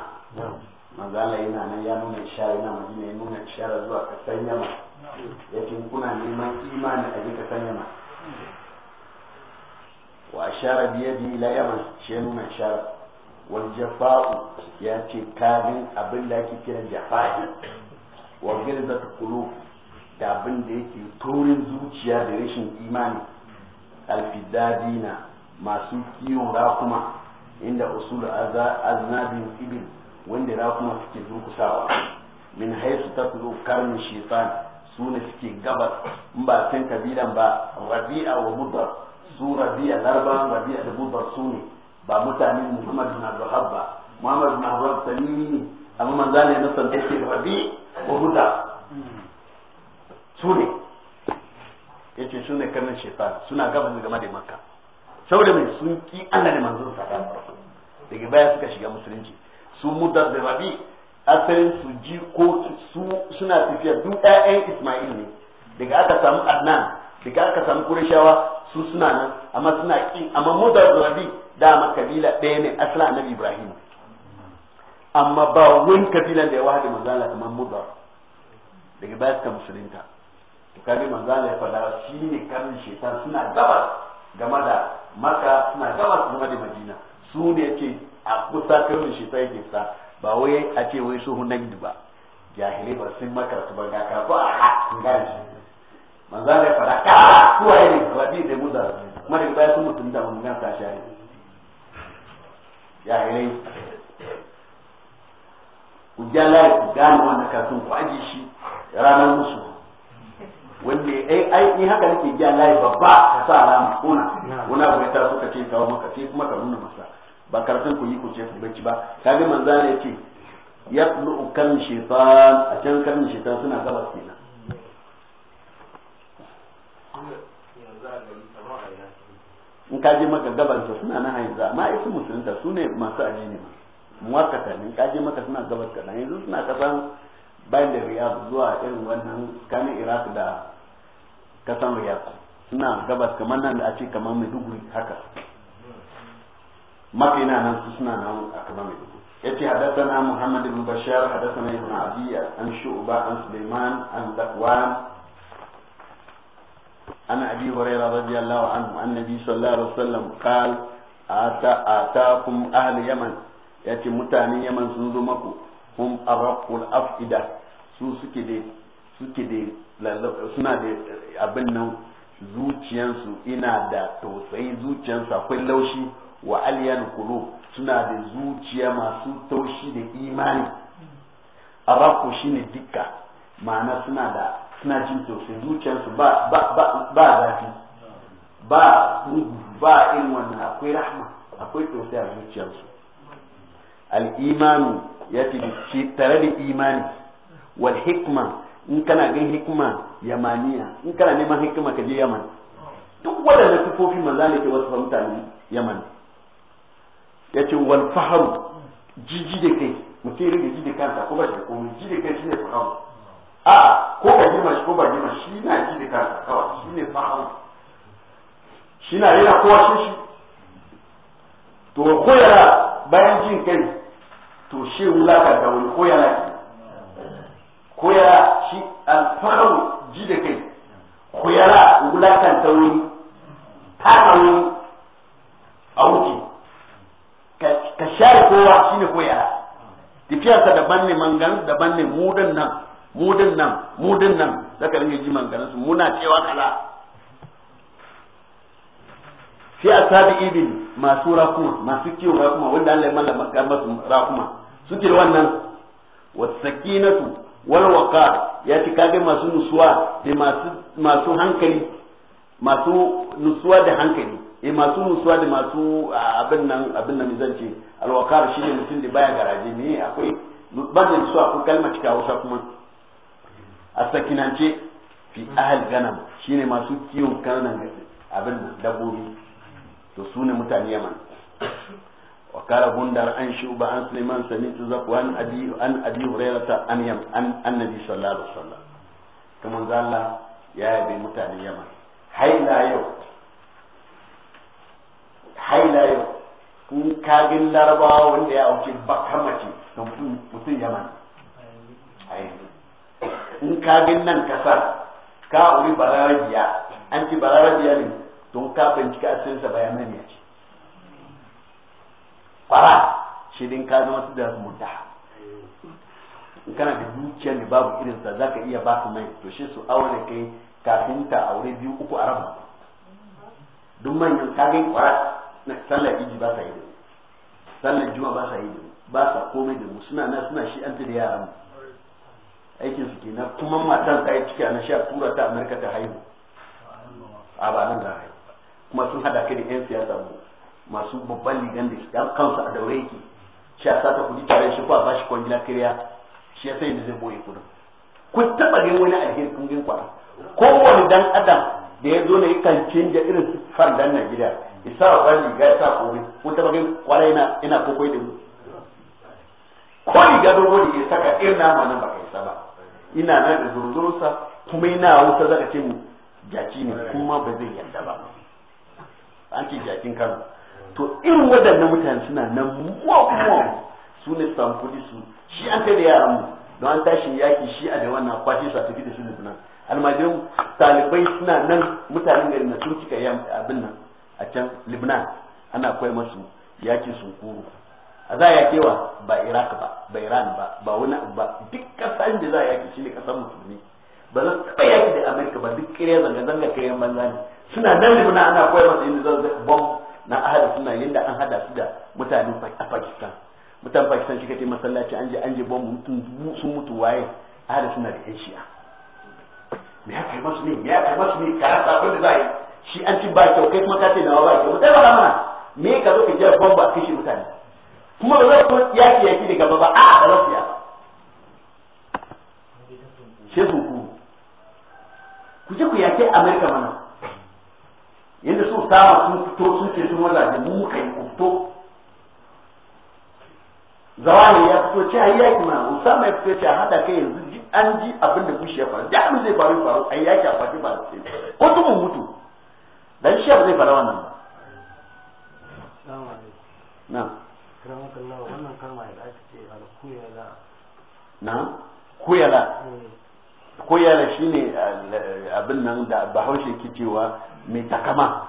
manzala yana nan ya nuna ishara yana madina ya nuna ishara zuwa kasan yama yake kuna neman imani a jika kasan yama wa ashara biyadi ila yaman shi ya nuna ishara wal jafa'u ya ce kabin abin da ake kira jafa'i wa ta kulu da abin da yake taurin zuciya da rashin imani alfidadina masu kiwon rakuma inda usul aznabin ibil wanda kuma suke durkusawa min haisu ta tatlu karmin shaitan su ne suke gabas in ba san kabilan ba rabi'a wa mudar su rabi'a larba rabi'a da mudar su ne ba mutane muhammad na abdullahab ba muhammad na abdullahab tamimi ne amma manzo ne na san take rabi wa mudar su ne yace su ne karnin shaitan suna gabas gama da makka saboda mai sun ki Allah ne manzon sa daga baya suka shiga musulunci su mudar da rabi asalin su ji ko su suna tafiya duk ɗayan isma'il ne daga aka samu adnan daga aka samu kureshawa su suna nan amma suna ƙi amma mudar da rabi dama kabila ɗaya ne asalin annabi ibrahim amma ba wani kabila da ya wahada manzala kamar mudar daga baya suka musulunta to kaji manzala ya faɗa shi ne karin shaitan suna gabas game da maka suna gabas game da madina su ne ke a kusa kan shi sai ke sa ba wai a ce wai su hunan ba jahili ba sun su ba gaka karatu a ha gani manzan ya fara ka kuwa ne rabi da muda mara ba su mutum da mun gan tashi ne jahili ku jala ku gane wannan karatun ku aje shi ranar musu wanda ai ai ni haka nake ji Allah babba ka sa alama kuna kuna abu ta suka ka ce kawo maka sai kuma ka nuna masa ba karatun ku yi ku ce ku bacci ba kaga manzana yake yaqlu kan shaitan a can kan shaitan suna gabas kenan in ka je maka gaban ta suna na yanzu amma ai su musulunta su ne masu ajini ma muwakata ne in ka je maka suna gabas kana yanzu suna kasan bayan da riyadu zuwa irin wannan kan iraq da kasan riyadu suna gabas kamar nan da a ce kamar maiduguri haka مكينا نان سسنا نان أكمامي يتي حدثنا محمد بن بشار حدثنا ابن عدي عن شعبة عن سليمان عن ذكوان عن أبي هريرة رضي الله عنه عن النبي صلى الله عليه وسلم قال آتا آتاكم أهل يمن يتي متاني يمن سنزمكو هم أرق الأفئدة su suke da suke da suna da abin nan zuciyansu ina da tausayi zuciyansu akwai laushi wa aliyan kulu suna da zuciya masu taushi da imani shi ne dukka ma'ana suna da suna jin tausayi zuciyarsu ba ba zafi ba a irin wannan akwai rahama akwai tausayi a zuciyarsu ya fi ya tare da imani wal hikma in kana gan hikma yamaniya in kana neman hikma ka je yaman duk waɗanda sufofi manzo ke wasu mutane yaman ya ce wal faharu jiji da kai mutum rage ji da kansa ko ba shi da komai ji da kai shi ne faharu a ko ba girma shi ko ba girma shi na ji da kansa kawai shi ne faharu shi na yana kowa shi shi to koyara bayan jin kai to shi wulaka da wani koyara ko koyara shi alfahamu ji da kai koyara wulakan ta wani ta wani a wuce ka share kowa shine ko yara tafiyarsa daban ne mangan daban ne mudan nan mudan nan mudan nan zaka ringa ji manganin su muna cewa kala sai a sabi ibin masu rakuma masu kiwon rakuma wanda Allah ya mallaka masu rakuma suke da wannan wasakinatu wal waqar ya ci kage masu nusuwa da masu masu hankali masu nusuwa da hankali e masu nutsuwa da masu abin nan abin nan zan ce alwakar shi ne mutum da baya garaje ne akwai ban da nutsuwa akwai kalma cika hausa kuma a sakinance fi ahal ganam shi ne masu kiwon kanan abin nan dabbobi to su ne mutane yaman wakara gundar an shuba an suleiman sami tu zaku an abi hurera ta an yam an nabi sallallahu alaihi wasallam kaman zalla ya yabe mutane yaman hai la yau haila yau in kagin larabawa wanda ya auki baka mace da mutum yaman ne yanzu in kagin nan kasar ka auri bararabiya an ci bararabiya ne don ka bincika bayan nan ya ce fara shi din ka zama su da mutta in kana da dukiya ne babu irinsa za ka iya ba su mai to shi su aure kai kafin ta aure biyu uku a raba duk manyan kagin kwarar na sallar iji ba sa yi sallar juma ba sa yi ba sa komai da suna na suna shi an da yaran aikin su kenan kuma matan ta yi ciki na sha tura ta amurka ta haihu a ba nan da haihu kuma sun hada kai da yan siyasa mu masu babban ligan da shi kansu a daure yake shi ya sata kudi tare shi ba ba shi kwangila kariya shi ya sai da zai boye kudin ku taba ganin wani alheri kun gin kwara kowane dan adam da ya zo na yi kan canja irin siffar dan Najeriya isa wa kan riga ya sa komai ko ta bagin kwalai ina kokoi da mu ko riga dogo da ya saka irin nama nan baka isa ba ina nan da zurzurusa kuma ina wuta zaka ce mu jaki ne kuma ba zai yarda ba an ce jakin kano to irin waɗannan mutane suna nan muwa su ne samfuri su shi an kai da yaran mu don an tashi yaki shi a da wannan kwace su a tafi da shi Lebanon almajirin talibai suna nan mutanen gari na sun cika abin nan a can libna ana kai masu yaki sunkuru a za a yake wa ba Iraq ba ba Iran ba ba wani ba duk kasan da za a yaki shine kasan musulmi ba za su taɓa yaki da Amerika ba duk kiriya zanga zanga yan banza ne suna nan libna ana kai masu yin zan zai bom na ahada suna yadda an hada su da mutanen a Pakistan mutanen Pakistan shi kace masallaci an je an je bom mutum sun mutu waye ahada suna da yan shi'a me ya kai masu ne me ya kai masu ne karanta abin da za a yi shi an ci ba kyau kai kuma ka ce nawa ba kyau dai ba mana me ka zo ka je bomba kishi mutane kuma ba za ku yaki yaki da gaba ba a da lafiya shehu ku ku je ku yaki america mana yadda su sama sun fito sun ce sun wazaje mu kai yi ku zawani ya fito ce a yaki ma usama ya fito ce a hada kai yanzu an ji abin da bushi ya faru da abin zai faru faru a yaki a fati ba ko tun mutu dan shi zai fara wannan ba na na kuyala eh. kuyala shine eh, abin nan da bahaushe ke cewa mai takama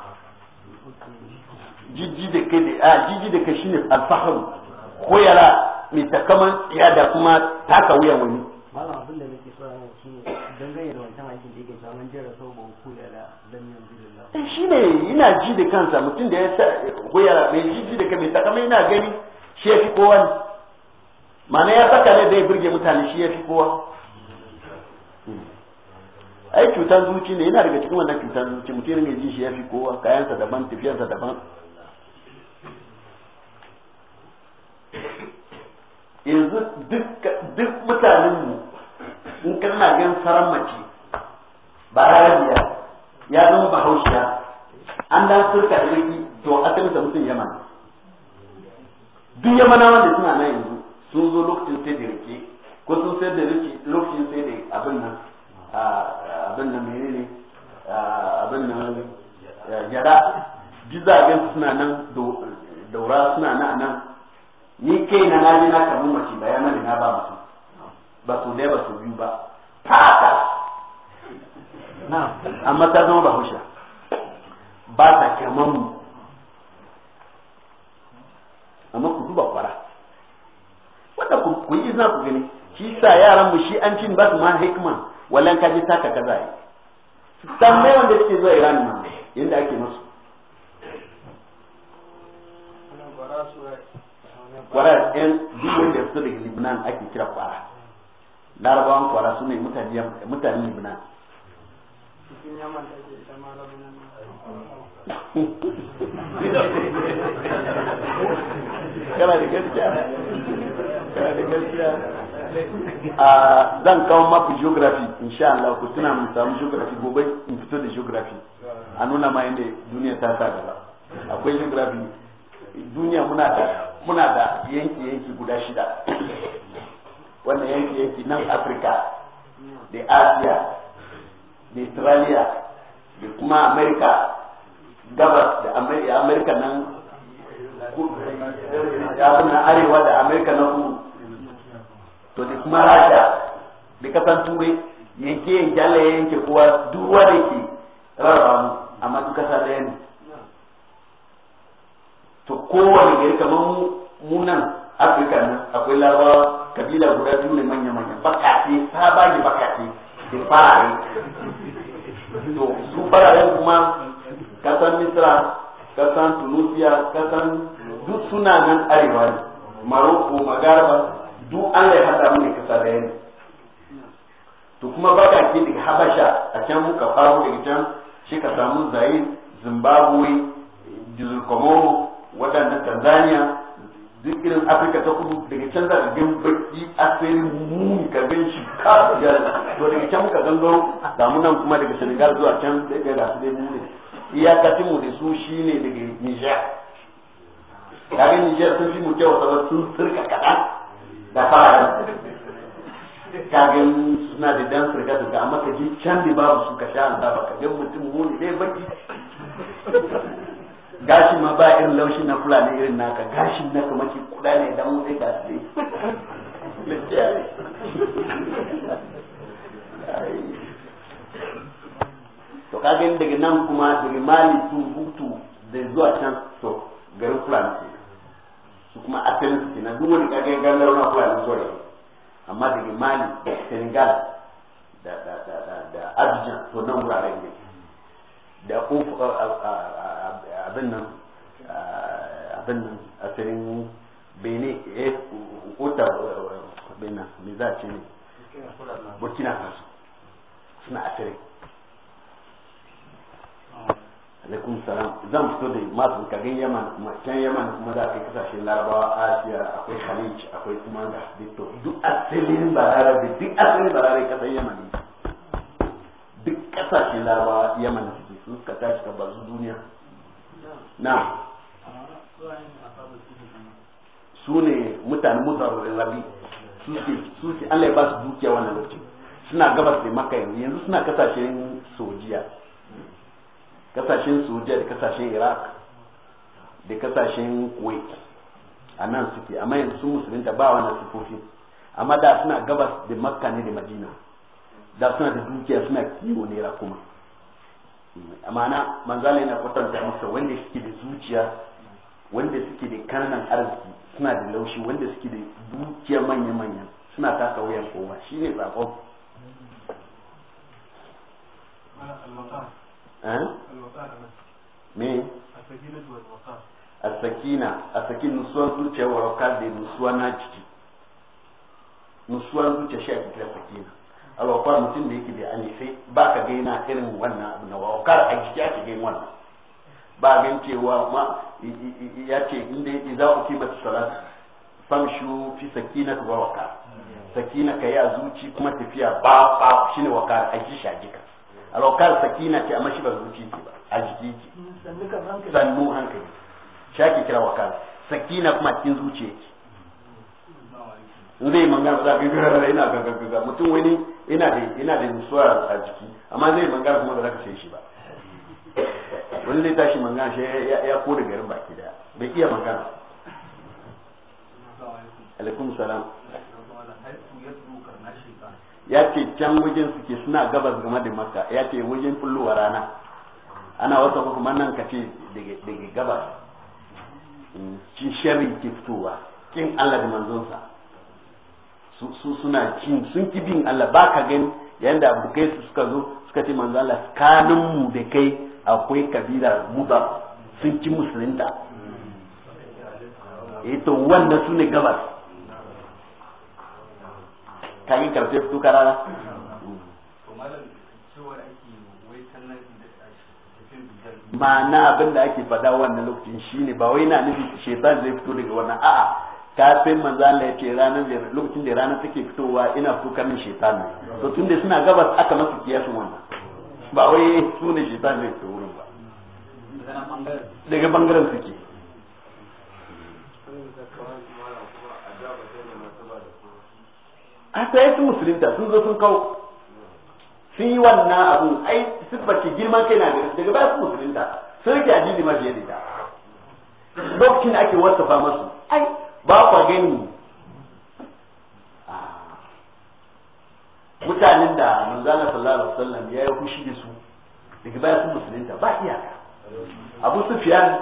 jijji da kai a jijji da shine kuyala mai takaman tsiya da kuma taka wuyan wani malam abin da shi ne yana ji da kansa mutum da ya goyara mai ji ji da kai takamai yana gani shi ya fi kowa ne mana ya saka ne zai burge mutane shi ya fi kowa ai cutar zuci ne yana daga cikin wannan cutar zuci mutum ne ji shi ya fi kowa kayansa daban tafiyarsa daban yanzu duk mutanen mu in kana gan saran mace ba ya zama bahaushiya an da surka da yaki to asalin sa mutum yaman duk yamanawan da suna nan yanzu sun zo lokacin sai da rike ko sun sai da rike lokacin sai da abin nan abin nan ne abin nan jara gizagen suna nan daura suna nan nan ni kai na na na kamun mace ba yana na ba mutum ba su dai ba su biyu ba fata amma ta zama ba husha ba sa kirman mu amma ku duba kwara wanda ku yi izina ku gani shi sa yaran mu shi an cin ba su ma hikma wallan kaji taka kaza yi mai wanda yake zuwa iran ma yadda ake musu kwara yan duk wanda su fito daga ake kira kwara larabawan kwara su ne mutane libnan kana da gaskiya kana da gaskiya a zan kawo maku geography insha Allah ku tuna mu samu geography gobe in fito da geography a nuna ma yadda duniya ta sa gaba akwai geography duniya muna da muna da yanki yanki guda shida wannan yanki yanki nan Africa da Asia da Australia da kuma America gabas da amurka nan na arewa da amurka na kudu to da kuma rasha da kasan turai yanke yanke Allah ya yanke kuwa duwa da ke rarra mu a masu kasa ɗaya ne to kowane gari kamar mu nan afirka nan akwai larabawa kabila guda biyu ne manya manya bakati sabaji bakati da farare to su fararen kuma kasan misra kasan tunisia kasan duk suna nan arewa ne maroko magarba duk allah ya haɗa mu ne kasa da yanzu to kuma baka ke daga habasha a can muka faru daga can shi ka samu zayin zimbabwe jizul komoro waɗannan tanzania duk irin afirka ta kudu daga can za ka gan baki asirin mun ka gan shi ka to daga can muka gangaro samu nan kuma daga senegal zuwa can daga da su dai ne iyakacin mu da su shine daga Nijar. kaga Nijar sun fi mu kyau saboda sun turka kaɗan da fara kaga suna da dan turka da amma ka ji can da babu su ka sha an da baka dan mutum mu ne dai baki gashi ma ba irin laushi na fulani irin naka gashi na kuma ki kuda ne dan mutai ga su to ka gani daga nan kuma daga mali buktu da zuwa can to garin fulani ce su kuma asalin su na duk wani kage ga na fulani zuwa amma daga mali da senegal da da da da da abidjan to nan wurare ne da kofu abin nan abin nan asalin bene eh kota abin nan me za ce ne burkina faso suna asalin alaikum salam zan fito da masu kagin yaman kuma can yaman kuma za a kai kasashen larabawa asiya akwai khalij akwai kuma da dito duk asalin bararabe duk asalin bararabe kasar yaman ne duk kasashen larabawa yaman suke sun suka tashi ka bazu duniya na su ne mutane mutarar rabi su ke allah ya ba su dukiya wannan lokacin suna gabas da maka yanzu suna kasashen sojiya kasashen sojiya da kasashen iraq da kasashen kuwait a nan suke amma yanzu sun musulunta ba wannan sufofi amma da suna gabas da makka ne da madina da suna da dukiya suna kiwo ne kuma amma na manzala yana kwatanta masa wanda suke da zuciya wanda suke da kananan arziki suna da laushi wanda suke da dukiya manya-manya suna taka wuyan kowa shi ne tsakon Eh? me asakina asakin nusuwar zuciya waraka da nusuwa na jiki nusuwar zuciya shi a kira sakina alwakar mutum da yake da anife ba ka gaina irin wannan abu na wakar a jiki ake gain wannan ba gan cewa ma ya ce inda yake za ku kima salat famshu fi sakina ka ba sakina ka yi a zuci kuma tafiya ba ba ne wakar a jiki a jika alwakar sakina ce a mashi ba zuci ce ba a jiki ce hmm, sannu hankali shaki kira wakar sakina kuma cikin zuciya ce in zai mangana za ka yi rarra ina gagagaga mutum wani ina da ina da nutsuwa a jiki amma zai mangana kuma ba za ka sai shi ba wani zai tashi mangana shi ya kore garin baki daya bai iya mangana alaikum salam ya ce can wajen suke suna gabas game da maka ya ce wajen fullowa rana ana wata kuma nan ka ce daga gabas cin sharri ke fitowa kin Allah da manzonsa su suna cin sun ki bin Allah ba ka gani yayin da abokai su suka zo suka ce manzo Allah kanin mu da kai akwai kabila muda sun ci musulunta hmm. eh to wanda su ne gabas ka yi karfe su ka rana ma'ana abin da ake faɗa wannan lokacin shine ba wai na nufi shaitan zai fito daga wannan a'a ka sai manzo Allah ya ce ranar lokacin da ranar take fitowa ina fito kamin shaitan ne to tunda suna gabas aka masa kiyasu wannan ba wai su ne shaitan zai fito wurin ba daga bangaren suke a sai su musulunta sun zo sun kawo sun yi wannan abu ai siffarci girman kai na daga ba su musulunta sun rike addini ma masu da lokacin da ake wasafa masu ai ba kwa gani ah. mutanen da manzana sallallahu alaihi wasallam ya yi kushi da su daga baya su musulunta ba iyaka abu sufiyan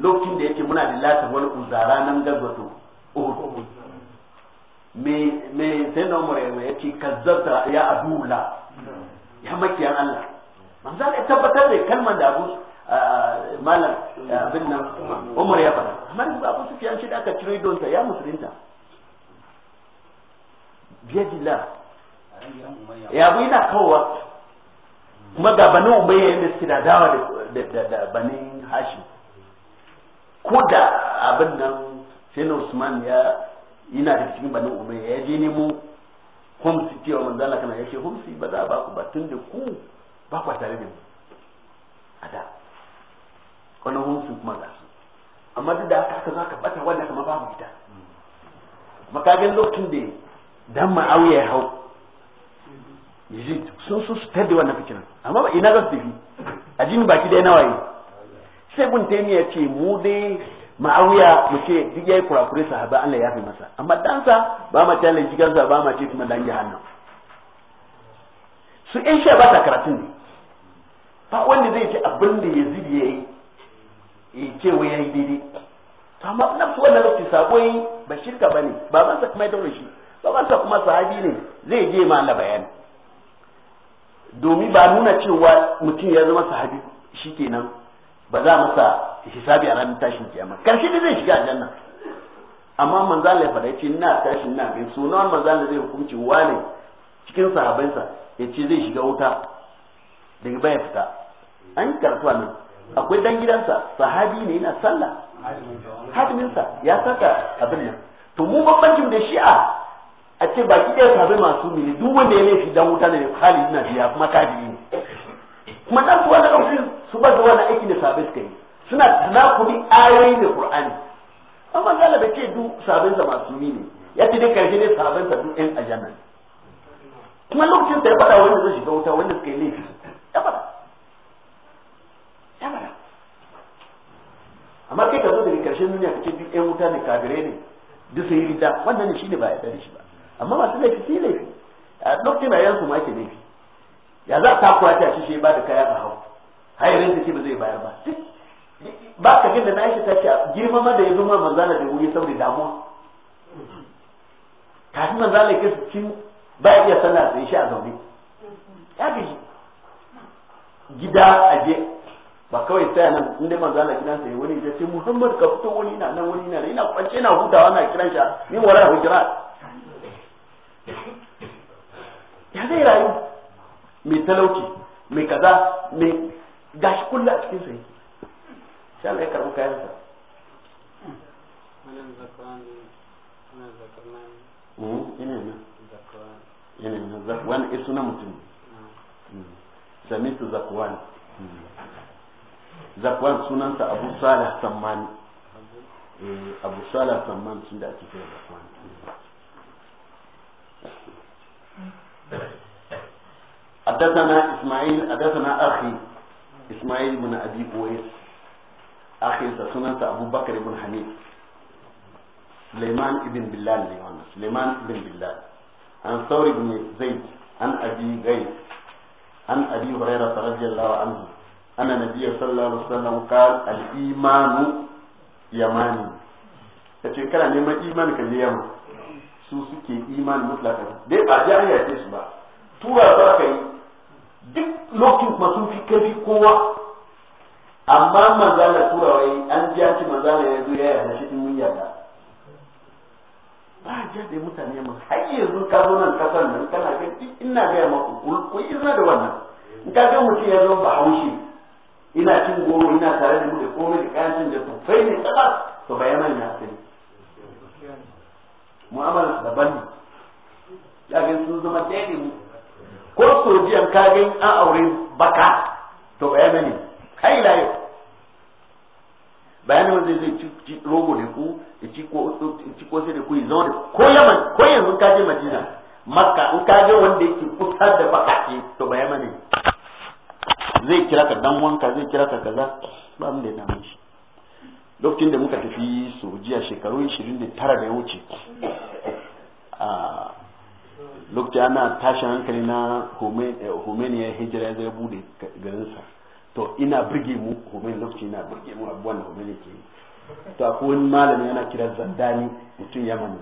lokacin da yake muna da latin wani uzara nan gazwato uhud me sai na umar yana ya ce kazzabta ya adula ya makiyan Allah manzo ya tabbatar da kalmar da abu malam abin nan umar ya faɗa amma yanzu abu su fiyan shi da aka ciro ta ya musulunta biyadilla ya bu ina kawwa kuma ga bani umayya yadda suke da dawa da bani hashim ko da abin nan sai na usman ya yana da cikin banin umayya ya je nemo homsi cewa manzo Allah kana yake homsi ba za ba ku ba tun da ku ba ku tare da mu a da wannan homsi kuma ga su amma duk da haka haka za ka bata wannan kamar babu gida makagin lokacin da dan ma'awiya ya hau yazid sun so su tadda wannan fikiran amma ba ina za su tafi addini baki dai nawaye sai bin taimiya ce mu dai ma'awiya mu ce duk yayi kurakure sahaba Allah ya fi masa amma dansa ba ma challenge jigarsa ba ma ce kuma dan jahannam su in sha ba ta karatu ne ba wanda zai ce abin da Yazid yayi ya ce wai yayi daidai to amma su wannan lokaci sabo ba shirka bane babansa kuma ya daure shi babansa kuma sahabi ne zai je ma Allah bayani domin ba nuna cewa mutum ya zama sahabi shikenan ba za masa hisabi a ranar tashin kiyama karshe da zai shiga aljanna amma manzo Allah ya faɗa ce ina tashin na. bin suna manzo Allah zai hukunci wane cikin sahabansa ya ce zai shiga wuta daga baya fita an karfa nan akwai dan gidansa sahabi ne yana sallah hadiminsa ya saka abin nan to mu bambancin da shi'a a ce baki ɗaya sahabi masu ne duk wanda ya laifi dan wuta ne halin na biya kuma kadi ne kuma dan kuwa da ɗauki su ba da wani aiki da sabai suka yi suna tanakuri ayoyi da qur'ani amma zala bai ce du sabin sa masu ne ya ce dai karshe ne sabin sa duk yan aljanna kuma lokacin da ya faɗa wanda zai shiga wuta wanda suka yi laifi ya faɗa ya faɗa amma kai ka zo daga karshen duniya ce duk yan wuta ne kabire ne duk sai rida wannan ne shine ba ya da shi ba amma masu laifi sai laifi a lokacin da yansu ma ke laifi ya za ta kuwa ta shi shi ba da kaya a hau hayarin ta ce ba zai bayar ba ba ka gina na aisha ta ce ma da ya ma manzana da wuri saboda damuwa kafin manzana ke su cin ba ya iya sallah sai shi a zaune ya ga gida a je ba kawai sai nan inda manzana gidan sai wani ya ce muhammad ka fito wani na nan wani na nan ina kwance na hutawa na kiran shi ni wala hujra ya zai rayu mai talauci mai kaza mai gashi kullu a cikin sa شاء الله يكرمك أنت أنا ذكران أنا ذكران إننا ذكران إننا ذكران إسنا متن سميت زكوان ذكران سنة أبو صالح سماني أبو صالح سمان سنة أتفير ذكران حدثنا إسماعيل حدثنا أخي إسماعيل من أبي بويس akinsa sunansa abubakar ibn hanif suleiman ibn bilal ne wannan suleiman ibn bilal an sauri ne zai an abi gai an abi hurairah radiyallahu anhu anna nabiyya sallallahu alaihi wasallam qala al imanu yamani kace kana neman imani ka je yamma su suke imani mutlaka dai ba jahiliya ce su ba tura ba kai duk lokacin kuma sun fi karfi kowa amma manzala turawai an ji ci manzala ya zo ya yarda shi mun da ba a da mutane mun har yanzu ka zo nan kasar nan kana ga ina ga maku ku ina da wannan in ka ga mutum ya zo haushi. ina cin goro ina tare da mu da komai da kayan da tufai ne tsaba to bayanan ya sai mu'amala daban ya ga sun zama ɗaya ko sojiyan ga an aure baka to bayanan ne kai la yau bayanin wanda zai ci rogo ne ku ya ci ko sai da ku yi zaune ko yaman ko yanzu ka je madina makka in ka je wanda yake kusa da bakake to ba yaman ne zai kira ka dan wanka zai kira ka kaza ba mu da ya dame shi lokacin da muka tafi sojiya shekaru 29 da ya wuce a lokacin ana tashin hankali na homeni eh, ya hijira ya zai bude garinsa to ina burge mu homin lokaci ina burge mu abubuwan da homin ke yi to akwai wani malami yana kira zandani mutum yamani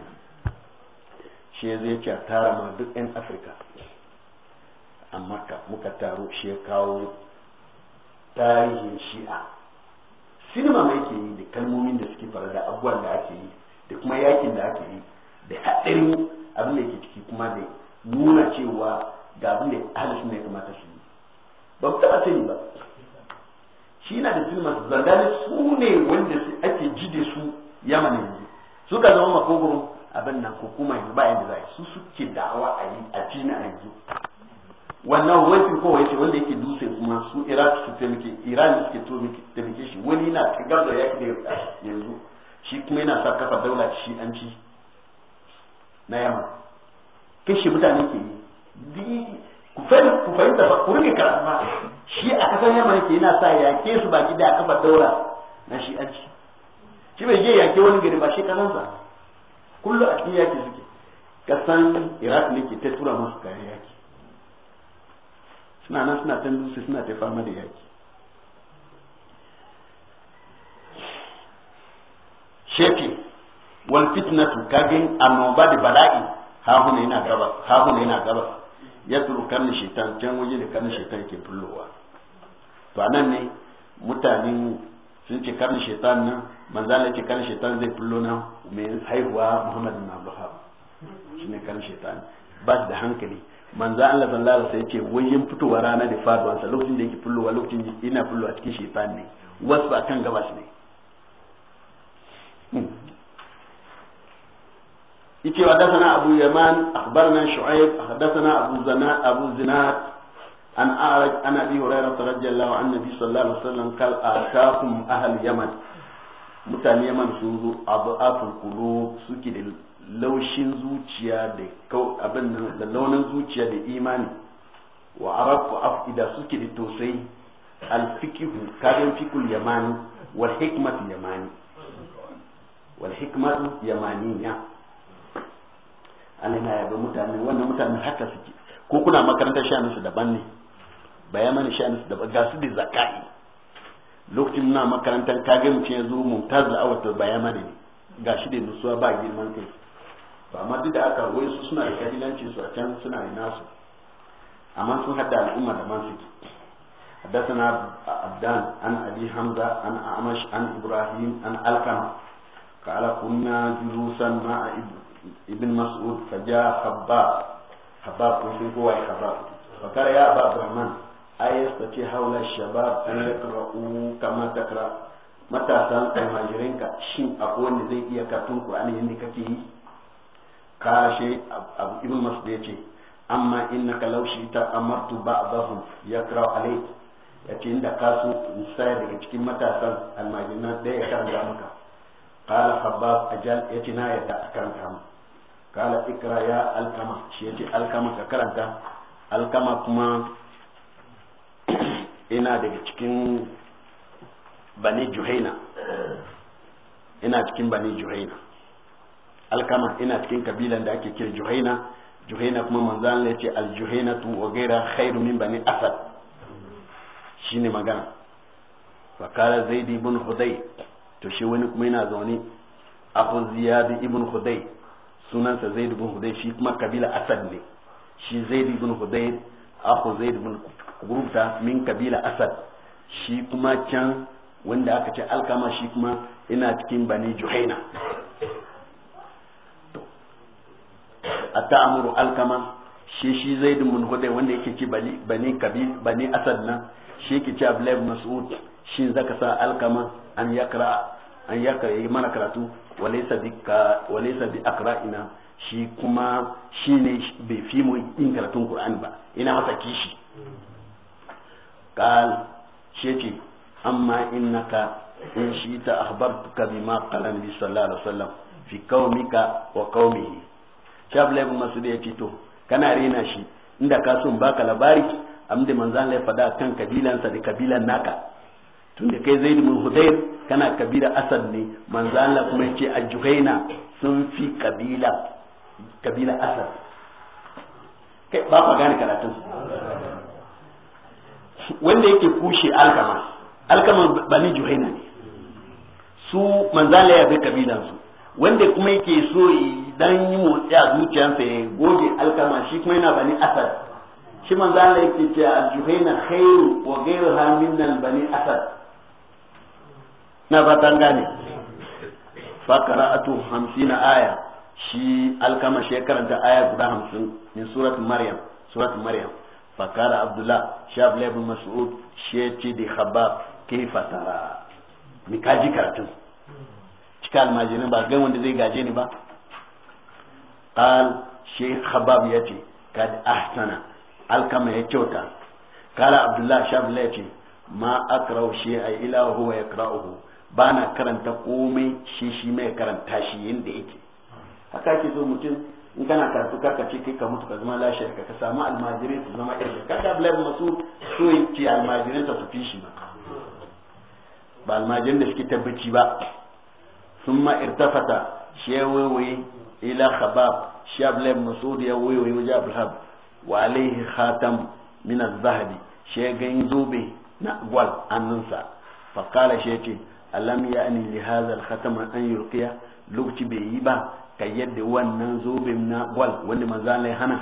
shi ya zai ce tara ma duk yan afirka amma muka taro shi ya kawo tarihin shi'a sinima mai ke yi da kalmomin da suke fara da abubuwan da ake yi da kuma yakin da ake yi da haɗarin abin da ke ciki kuma da nuna cewa ga abin da ya ne kamata su yi ba ku taɓa sani ba shi na da tilmas zandani su ne wanda ake jide da su yaman yanzu suka zama makogoro abin nan kuma yi ba yanda za a su suke dawa a yi a jina yanzu wannan wancin kowa yace wanda yake dutse kuma su iraq su taimake iran suke to taimake shi wani na tagar da yaki da yanzu shi kuma yana sa kafa daula shi an ci na yamma kashe mutane ke yi ku fahimta ba ku rike karatu shi a kasan yamma yake yana sa yake su baki da kafa daura na shi aji shi bai je yake wani gari ba shi kasansa kullu a cikin yaki suke kasan iraq ne ke ta tura masu kare yaki suna nan suna ta dusu suna ta fama da yaki shefi wal fitnatu kagin annoba da bala'i ha huna yana gaba ha yana gaba ya turu karnin shaitan can waje da karnin shaitan ke fullowa to anan ne mutane sun ce karnin shaitan nan manzala ce karnin shaitan zai fullo nan mai haihuwa muhammad bin shi ne karnin shaitan ba da hankali manza Allah sallallahu alaihi wasallam yace wayin fitowa rana da faduwa sa lokacin da yake fullowa lokacin ina fullowa cikin shaitan ne wasu akan gabas ne hmm. yace wa dasana abu yaman akhbarna shu'aib hadathana abu zana abu zinad an a'raj an abi hurairah radiyallahu anhu nabi sallallahu alaihi wasallam kal ataakum ahl yaman mutane yaman sun zo abu afur kulu suke da laushin zuciya da abin nan da launin zuciya da imani wa arafu afida suke da tosai alfikihu kadan fikul yamani wal hikmatu yamani wal hikmatu yamaniya Allah yana yaba mutane wannan mutane haka suke ko kuna makarantar sha'anin daban ne bayan mana sha'anin daban ga su da zakai lokacin na makarantar kage mutum ya zo mumtaz da awata bayan mani ne ga shi da nutsuwa ba girman kai to amma duk da aka wai su suna da kabilanci su a can suna da nasu amma sun hada al'umma da man suke حدثنا عبدان عن ابي حمزه عن اعمش عن ابراهيم عن القمه قال كنا جلوسا مع ibn mas'ud fa ja habba habba ko sai ko wai habba fa kare ya ba rahman ayas ta ce haula shabab an yaqra'u kama takra matasan ka. shin akwai wanda zai iya katun qur'ani yanda kake yi kashe abu ibn mas'ud ya ce amma innaka law ta amartu ba'dahum yaqra alayk yace inda ka so misali daga cikin matasan almajirin ɗaya ya karanta maka qala habab ajal yace na yadda a karanta maka kala ikra ya alkama shi yace alkama ka karanta alkama kuma ina daga cikin bani juhaina ina cikin bani juhaina alkama ina cikin kabilan da ake kira juhaina juhaina kuma manzan ya ce aljuhaina tu wa gaira khairu min bani asad shine magana fa kala zaidi ibn khudai to shi wani kuma yana zaune abu ziyad ibn khudai sunansa zaid ibn hudayd shi kuma kabila asad ne shi zaid ibn hudayd aku zaid ibn kubrubta min kabila asad shi kuma can wanda aka ce alkama shi kuma ina cikin bani juhaina a ta'amuru alkama shi shi zaid ibn hudayd wanda yake ci bani kabil bani asad na shi yake ci abdullahi mas'ud shin zaka sa alkama an yakra an yaka yi mana karatu walaisa bi ka bi akra'ina shi kuma shi ne bai fi mu yin karatun Qur'ani ba ina masa kishi qal shi ce amma innaka in shi ta akhbartuka bima qala nabi sallallahu alaihi wasallam fi qaumika wa qaumihi shabla ibn masud ya ce to kana rena shi inda ka sun baka labari amma da manzan Allah ya faɗa kan kabilansa da kabilan naka tunda kai zaid mun hudayr kana kabila asad ne manzo Allah kuma yace a juhaina sun fi kabila kabila asad kai ba ka gane karatun wanda yake kushe alkama alkama ba ni juhaina ne su manzala ya bai kabilan su wanda kuma yake so dan yi motsi a zuciyarsa ya goge alkama shi kuma yana bani asad shi manzala yake ce juhaina khairu wa ghairuha min bani asad na fatan gane fakara fakara'atu hamsina aya shi alkama shi karanta aya guda hamsin min suratul maryam suratul maryam fakara abdullah shi abdullahi ibn mas'ud shi ce da khabab kaifa tara mi kaji karatun cika almajirin ba gan wanda zai gaje ni ba qal shi khabab yace kad ahsana alkama ya kyauta kala abdullah shi abdullahi yace ma akrahu shay'a ila huwa yakra'uhu ba na karanta komai shi shi mai karanta shi yadda yake haka ke so mutum in kana karatu karka ce kai ka mutu ka zama lashiyar ka samu almajirai su zama irin ka ta blar masu so ce almajirai ta fi shi ba almajirin da suke tabbaci ba sun ma irtafata shi ya waiwaye ila khabab shi ablar masu ya waiwaye wajen abulhab wa alaihi khatam min zahabi shi ya ga zobe na gwal annunsa fakala shi ya ce alam ya ni li hadha al khatama an yulqiya lokaci bai yi ba ka yadda wannan zobin na gwal wanda manzo Allah ya hana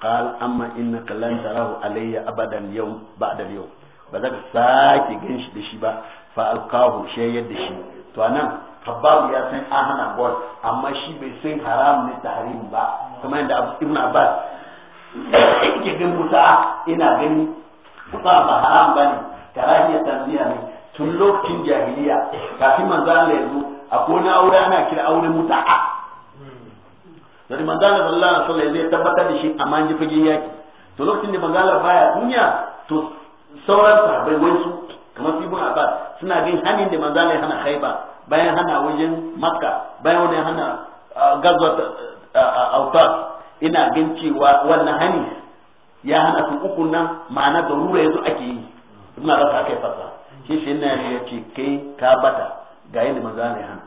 qal amma innaka lan tarahu alayya abadan yau ba'da yau ba za ka sake ganshi da shi ba fa alqahu shi yadda shi to anan habab ya san an hana gwal amma shi bai san haram ne tahrim ba kamar yadda ibn abbas yake gan musa ina gani kusa ba haram bane karahiyar tanziya ne tun lokacin jahiliya kafin manzo Allah ya zo akwai wani aure ana kira aure muta'a da manzo Allah sallallahu alaihi wasallam zai tabbatar da shi amma an ji fage yaki to lokacin da manzo Allah baya duniya to sauran sahabbai wai su kamar su ibn Abbas suna bin hanin da manzo Allah ya hana Khaiba bayan hana wajen Makka bayan wani hana gazwat Autas ina gan cewa wannan hani ya hana su uku nan ma'ana da rura yanzu ake yi ina rasa kai fasa shi shi na ya ce kai ka bata ga yadda maza ne hana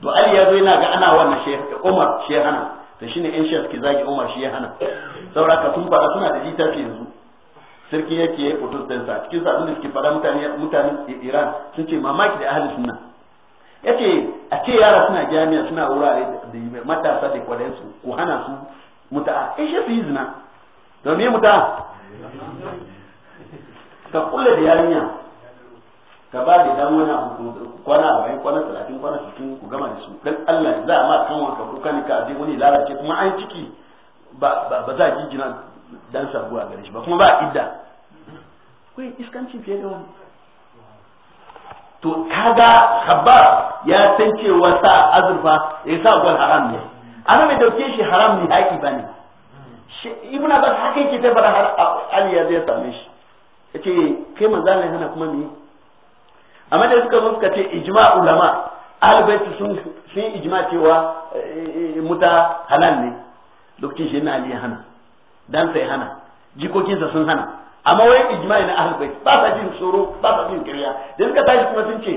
to ali ya zo yana ga ana wannan shi umar shi hana to shine in shi ke zagi umar shi hana saboda ka sun fara suna da jita yanzu sarki yake ya fito dan sa cikin sa da suke fara mutane mutanen Iran sun ce mamaki da ahli sunna yace a ce yara suna jami'a suna wurare da matasa da kwadansu ko hana su muta'a in eh, shi su yi zina domin muta'a ka kulle da yarinya ka ba da dan wani abu kwana arba'in kwana talatin kwana sittin ku gama da su dan Allah za a ma kan wanka ko kan ka je wani lalace kuma an ciki ba ba za a jina dan sabu a gare shi ba kuma ba idda kai iskanci fiye da wani to kaga habba ya san cewa sa azurfa ya sa gwal haram ne ana mai dauke shi haram ne haƙi ba ne ibn abbas haka yake ta fara har ali ya zai same shi yace kai manzo Allah yana kuma me amma da suka zo suka ce ijma ulama albaitu sun sun ijma cewa eh, eh, muta halal ne lokacin shi na ali hana dan sai hana jikokinsa sun hana amma wai ijma na albaitu ba sa jin tsoro ba sa jin kiriya da suka tashi kuma sun ce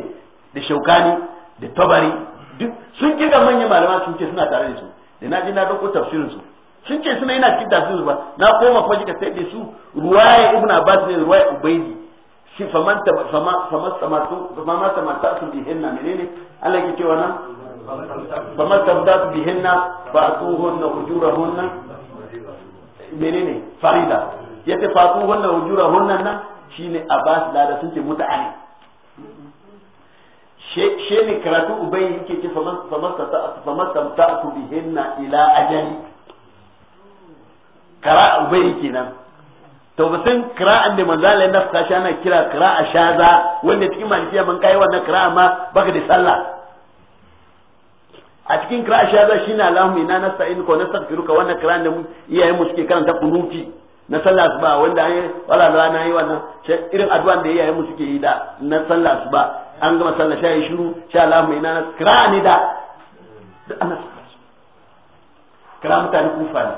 da shaukani da tabari duk sun kirga manyan malama sun ce suna tare da su da na ji na dauko tafsirin su sun ce suna yana cikin tafsirin ba na koma kwaji ka sai da su ruwaya ibn abbas ne ruwaya ubaidi shi famanta ta fama fama samatu fama samata su menene Allah yake cewa nan faman tabdat bihinna fa'tuhunna ujurahunna menene farida yace hujura hunna nan shine Abbas da sun ce mutane she ne karatu ubayi yake ce faman mata su hinna ila ajali kara ubayi kenan to ba san kira'an da manzo na fita nafsa ana kira kira'a shaza wanda cikin malikiya man kai wannan kira'a ma baka da sallah a cikin kira'a shaza shine ina inna in ko ka wannan kira'an da iyayen mu suke karanta kunuti na sallah ba wanda an yi wala rana yi wannan irin addu'an da iyayen mu suke yi da na sallah ba. an gama sallah sha yi shiru sha ina inna kira'a ne da duk mutane kufa ne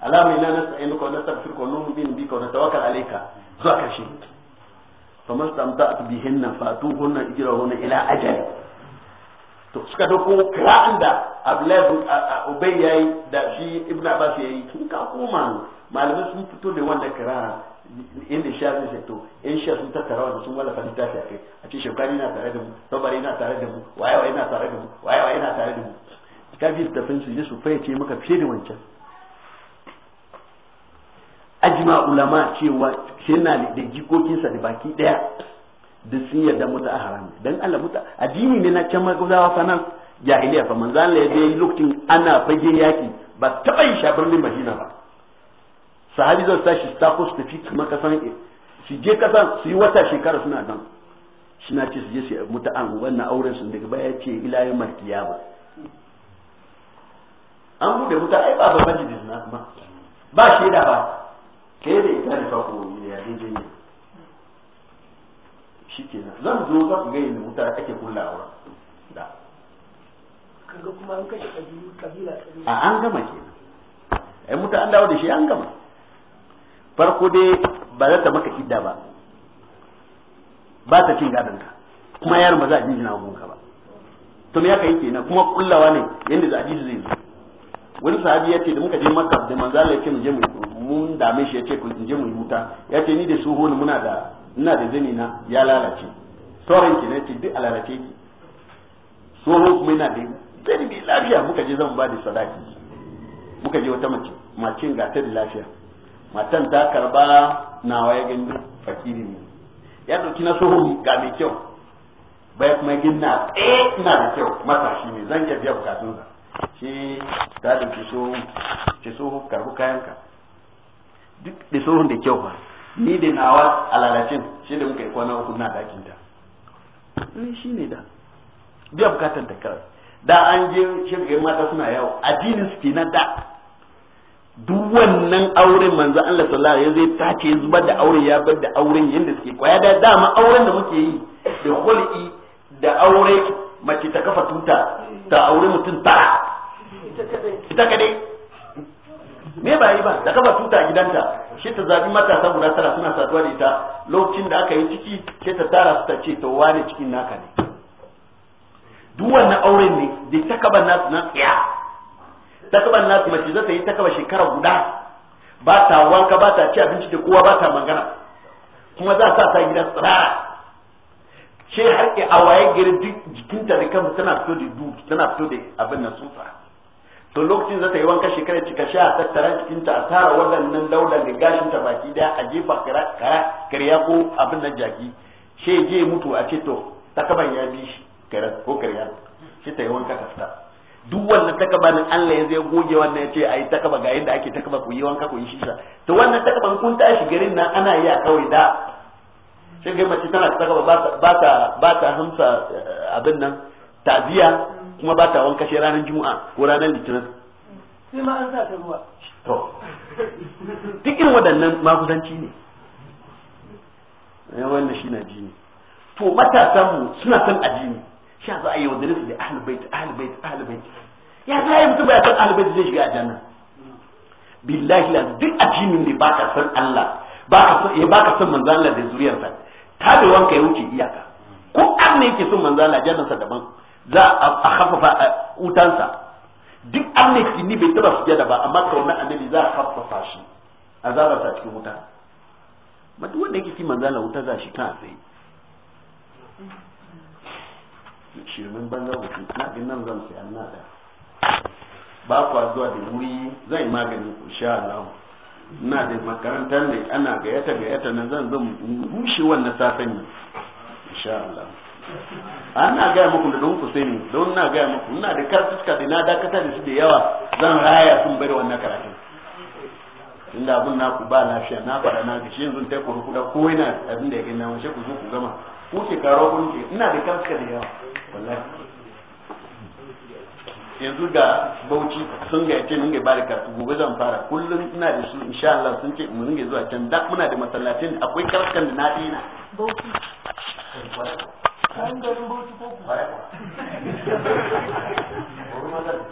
alama ina na sa'in ka na tafsir ka nuhu bin bi ka na tawakkal alayka zuwa karshe faman samta'at hunna ijra hunna ila ajal to suka dauko kra'an da Abdullahi Ubay yayi da shi ibnu Abbas yayi kin ka koma malamai sun fito da wannan in inda shafi sai to in sha sun tattara wanda sun wallafa littafi akai a ce shekari na tare da mu sabari na tare da mu waye waye na tare da mu waye waye na tare da mu kafin da fansu su fayyace maka fiye da wancan ma ulama cewa yana da jikokinsa da baki daya da sun yarda muta a haram dan Allah muta addini ne na can magudawa fa nan jahiliya fa manzo Allah ya dai lokacin ana fage yaki ba taba yi ne Madina ba sahabi zai tashi ko ta tafi kuma kasan su je kasan su yi wata shekara suna nan suna ce su je su muta an wannan auren su daga baya ce ila yau ba an bude wuta ai ba babban jidis na kuma ba shaida ba ke da ita da farko ne ya daidai ne shi ke nan zan zo za ku gani da wuta ake kullawa da kaga kuma an kashe kabila a an gama ke ai muta an dawo da shi an gama farko dai ba za ta maka kidda ba ba ta cin gadon ka kuma yaron ba za a jinjina ka ba to me aka yi kenan kuma kullawa ne yanda za a ji zai zo wani sahabi ya ce da muka je makka da manzo Allah ya ce mu je mu mun dame shi ya ce ku je mu huta ya ce ni da su ni muna da ina da zani na ya lalace sauran ki ne ce duk a lalace ki tsohon kuma yana da zani mai lafiya muka je zan ba da sadaki muka je wata mace macin ga ta da lafiya matan ta karba nawa ya gani fakiri ne ya dauki na tsohon ga mai kyau bai kuma gina tsaye eh, ina da kyau matashi ne zan iya biya bukatunsa shi ta dauki tsohon ce tsohon kayan kayanka da tsohon da kyau ba ni da nawa a lalacin shi da muka yi kwana uku na dakin ta eh shi ne da biya bukatar da kar da an je shi shirgin mata suna yawo addinin su ke na da duk wannan auren manzo Allah sallallahu alaihi wasallam zai tace zubar da auren ya bar da auren yanda suke kwaya da dama auren da muke yi da kulli da aure mace ta kafa tuta ta aure mutum tara ita kadai me ba yi ba da kafa tuta gidanta shi ta zabi matasa guda tara suna saduwa da ita lokacin da aka yi ciki shi ta tara su ta ce to wane cikin naka ne duk wannan auren ne da kaba nasu na tsaya kaba nasu mace za ta yi takaba shekara guda ba ta wanka ba ta ci abinci da kowa ba ta magana kuma za ta sa gida tsirara ce har a waye gari jikinta da kansa tana fito da dubu tana fito da abin nan to lokacin za ta yi wanka shekara cika sha a tattara ta a tara waɗannan daular da gashinta baki daya a jefa kara karya ko abin nan jaki she je mutu a ce to takaban ya bi shi karen ko karya shi ta yi wanka ta fita duk wannan nan Allah ya zai goge wannan ya ce ayi takaba ga yadda ake takaba ku yi wanka ku yi shi to wannan takaban kun tashi garin nan ana yi a kawai da sai ga mace tana takaba ba ta ba ta hamsa eh, abin nan tabiya kuma ba ta wanka shi ranar juma'a ko ranar litinin sai ma an sa ta ruwa to duk irin waɗannan magudanci ne eh, wannan shi na jini. to matasan mu suna son addini shi za a yi wa su da ahlul bait ahlul ya za a yi mutum ya san ahlul zai shiga aljanna billahi la duk addinin da ka san Allah ba ka ya baka san eh, manzo Allah da zuriyarsa wanka ya wuce iyaka ko an ne yake son manzo Allah jannarsa daban za a hafafa wutansa duk amnesty ne bai taba sujada ba amma kauna annabi za a hafafa shi a zaba ta cikin wuta ma wanda yake fi manzala wuta za shi kan sai shirmin banza wuce na bin nan zan sai annada da ba kwa zuwa da wuri zai magani ku sha Allah ina da makarantar ne ana gayyata gayyata nan zan zan rushe wannan safan insha Allah ana gaya muku da don sai sani don na gaya muku na da karfuska da na dakata da su da yawa zan raya sun bari wannan karatun tunda abun naku ba lafiya na faɗa na gashi yanzu ta kuru kuda ko yana abin da ya gina wace ku zo ku gama ku ke karo kun ke ina da karfuska da yawa wallahi yanzu ga bauchi sun ga yace mun ga ba da karatu gobe zan fara kullum ina da su insha Allah sun ce mun ga zuwa can da muna da masallatin akwai karfuskan da na dina bauchi サンダルブーツポップだよ、これ。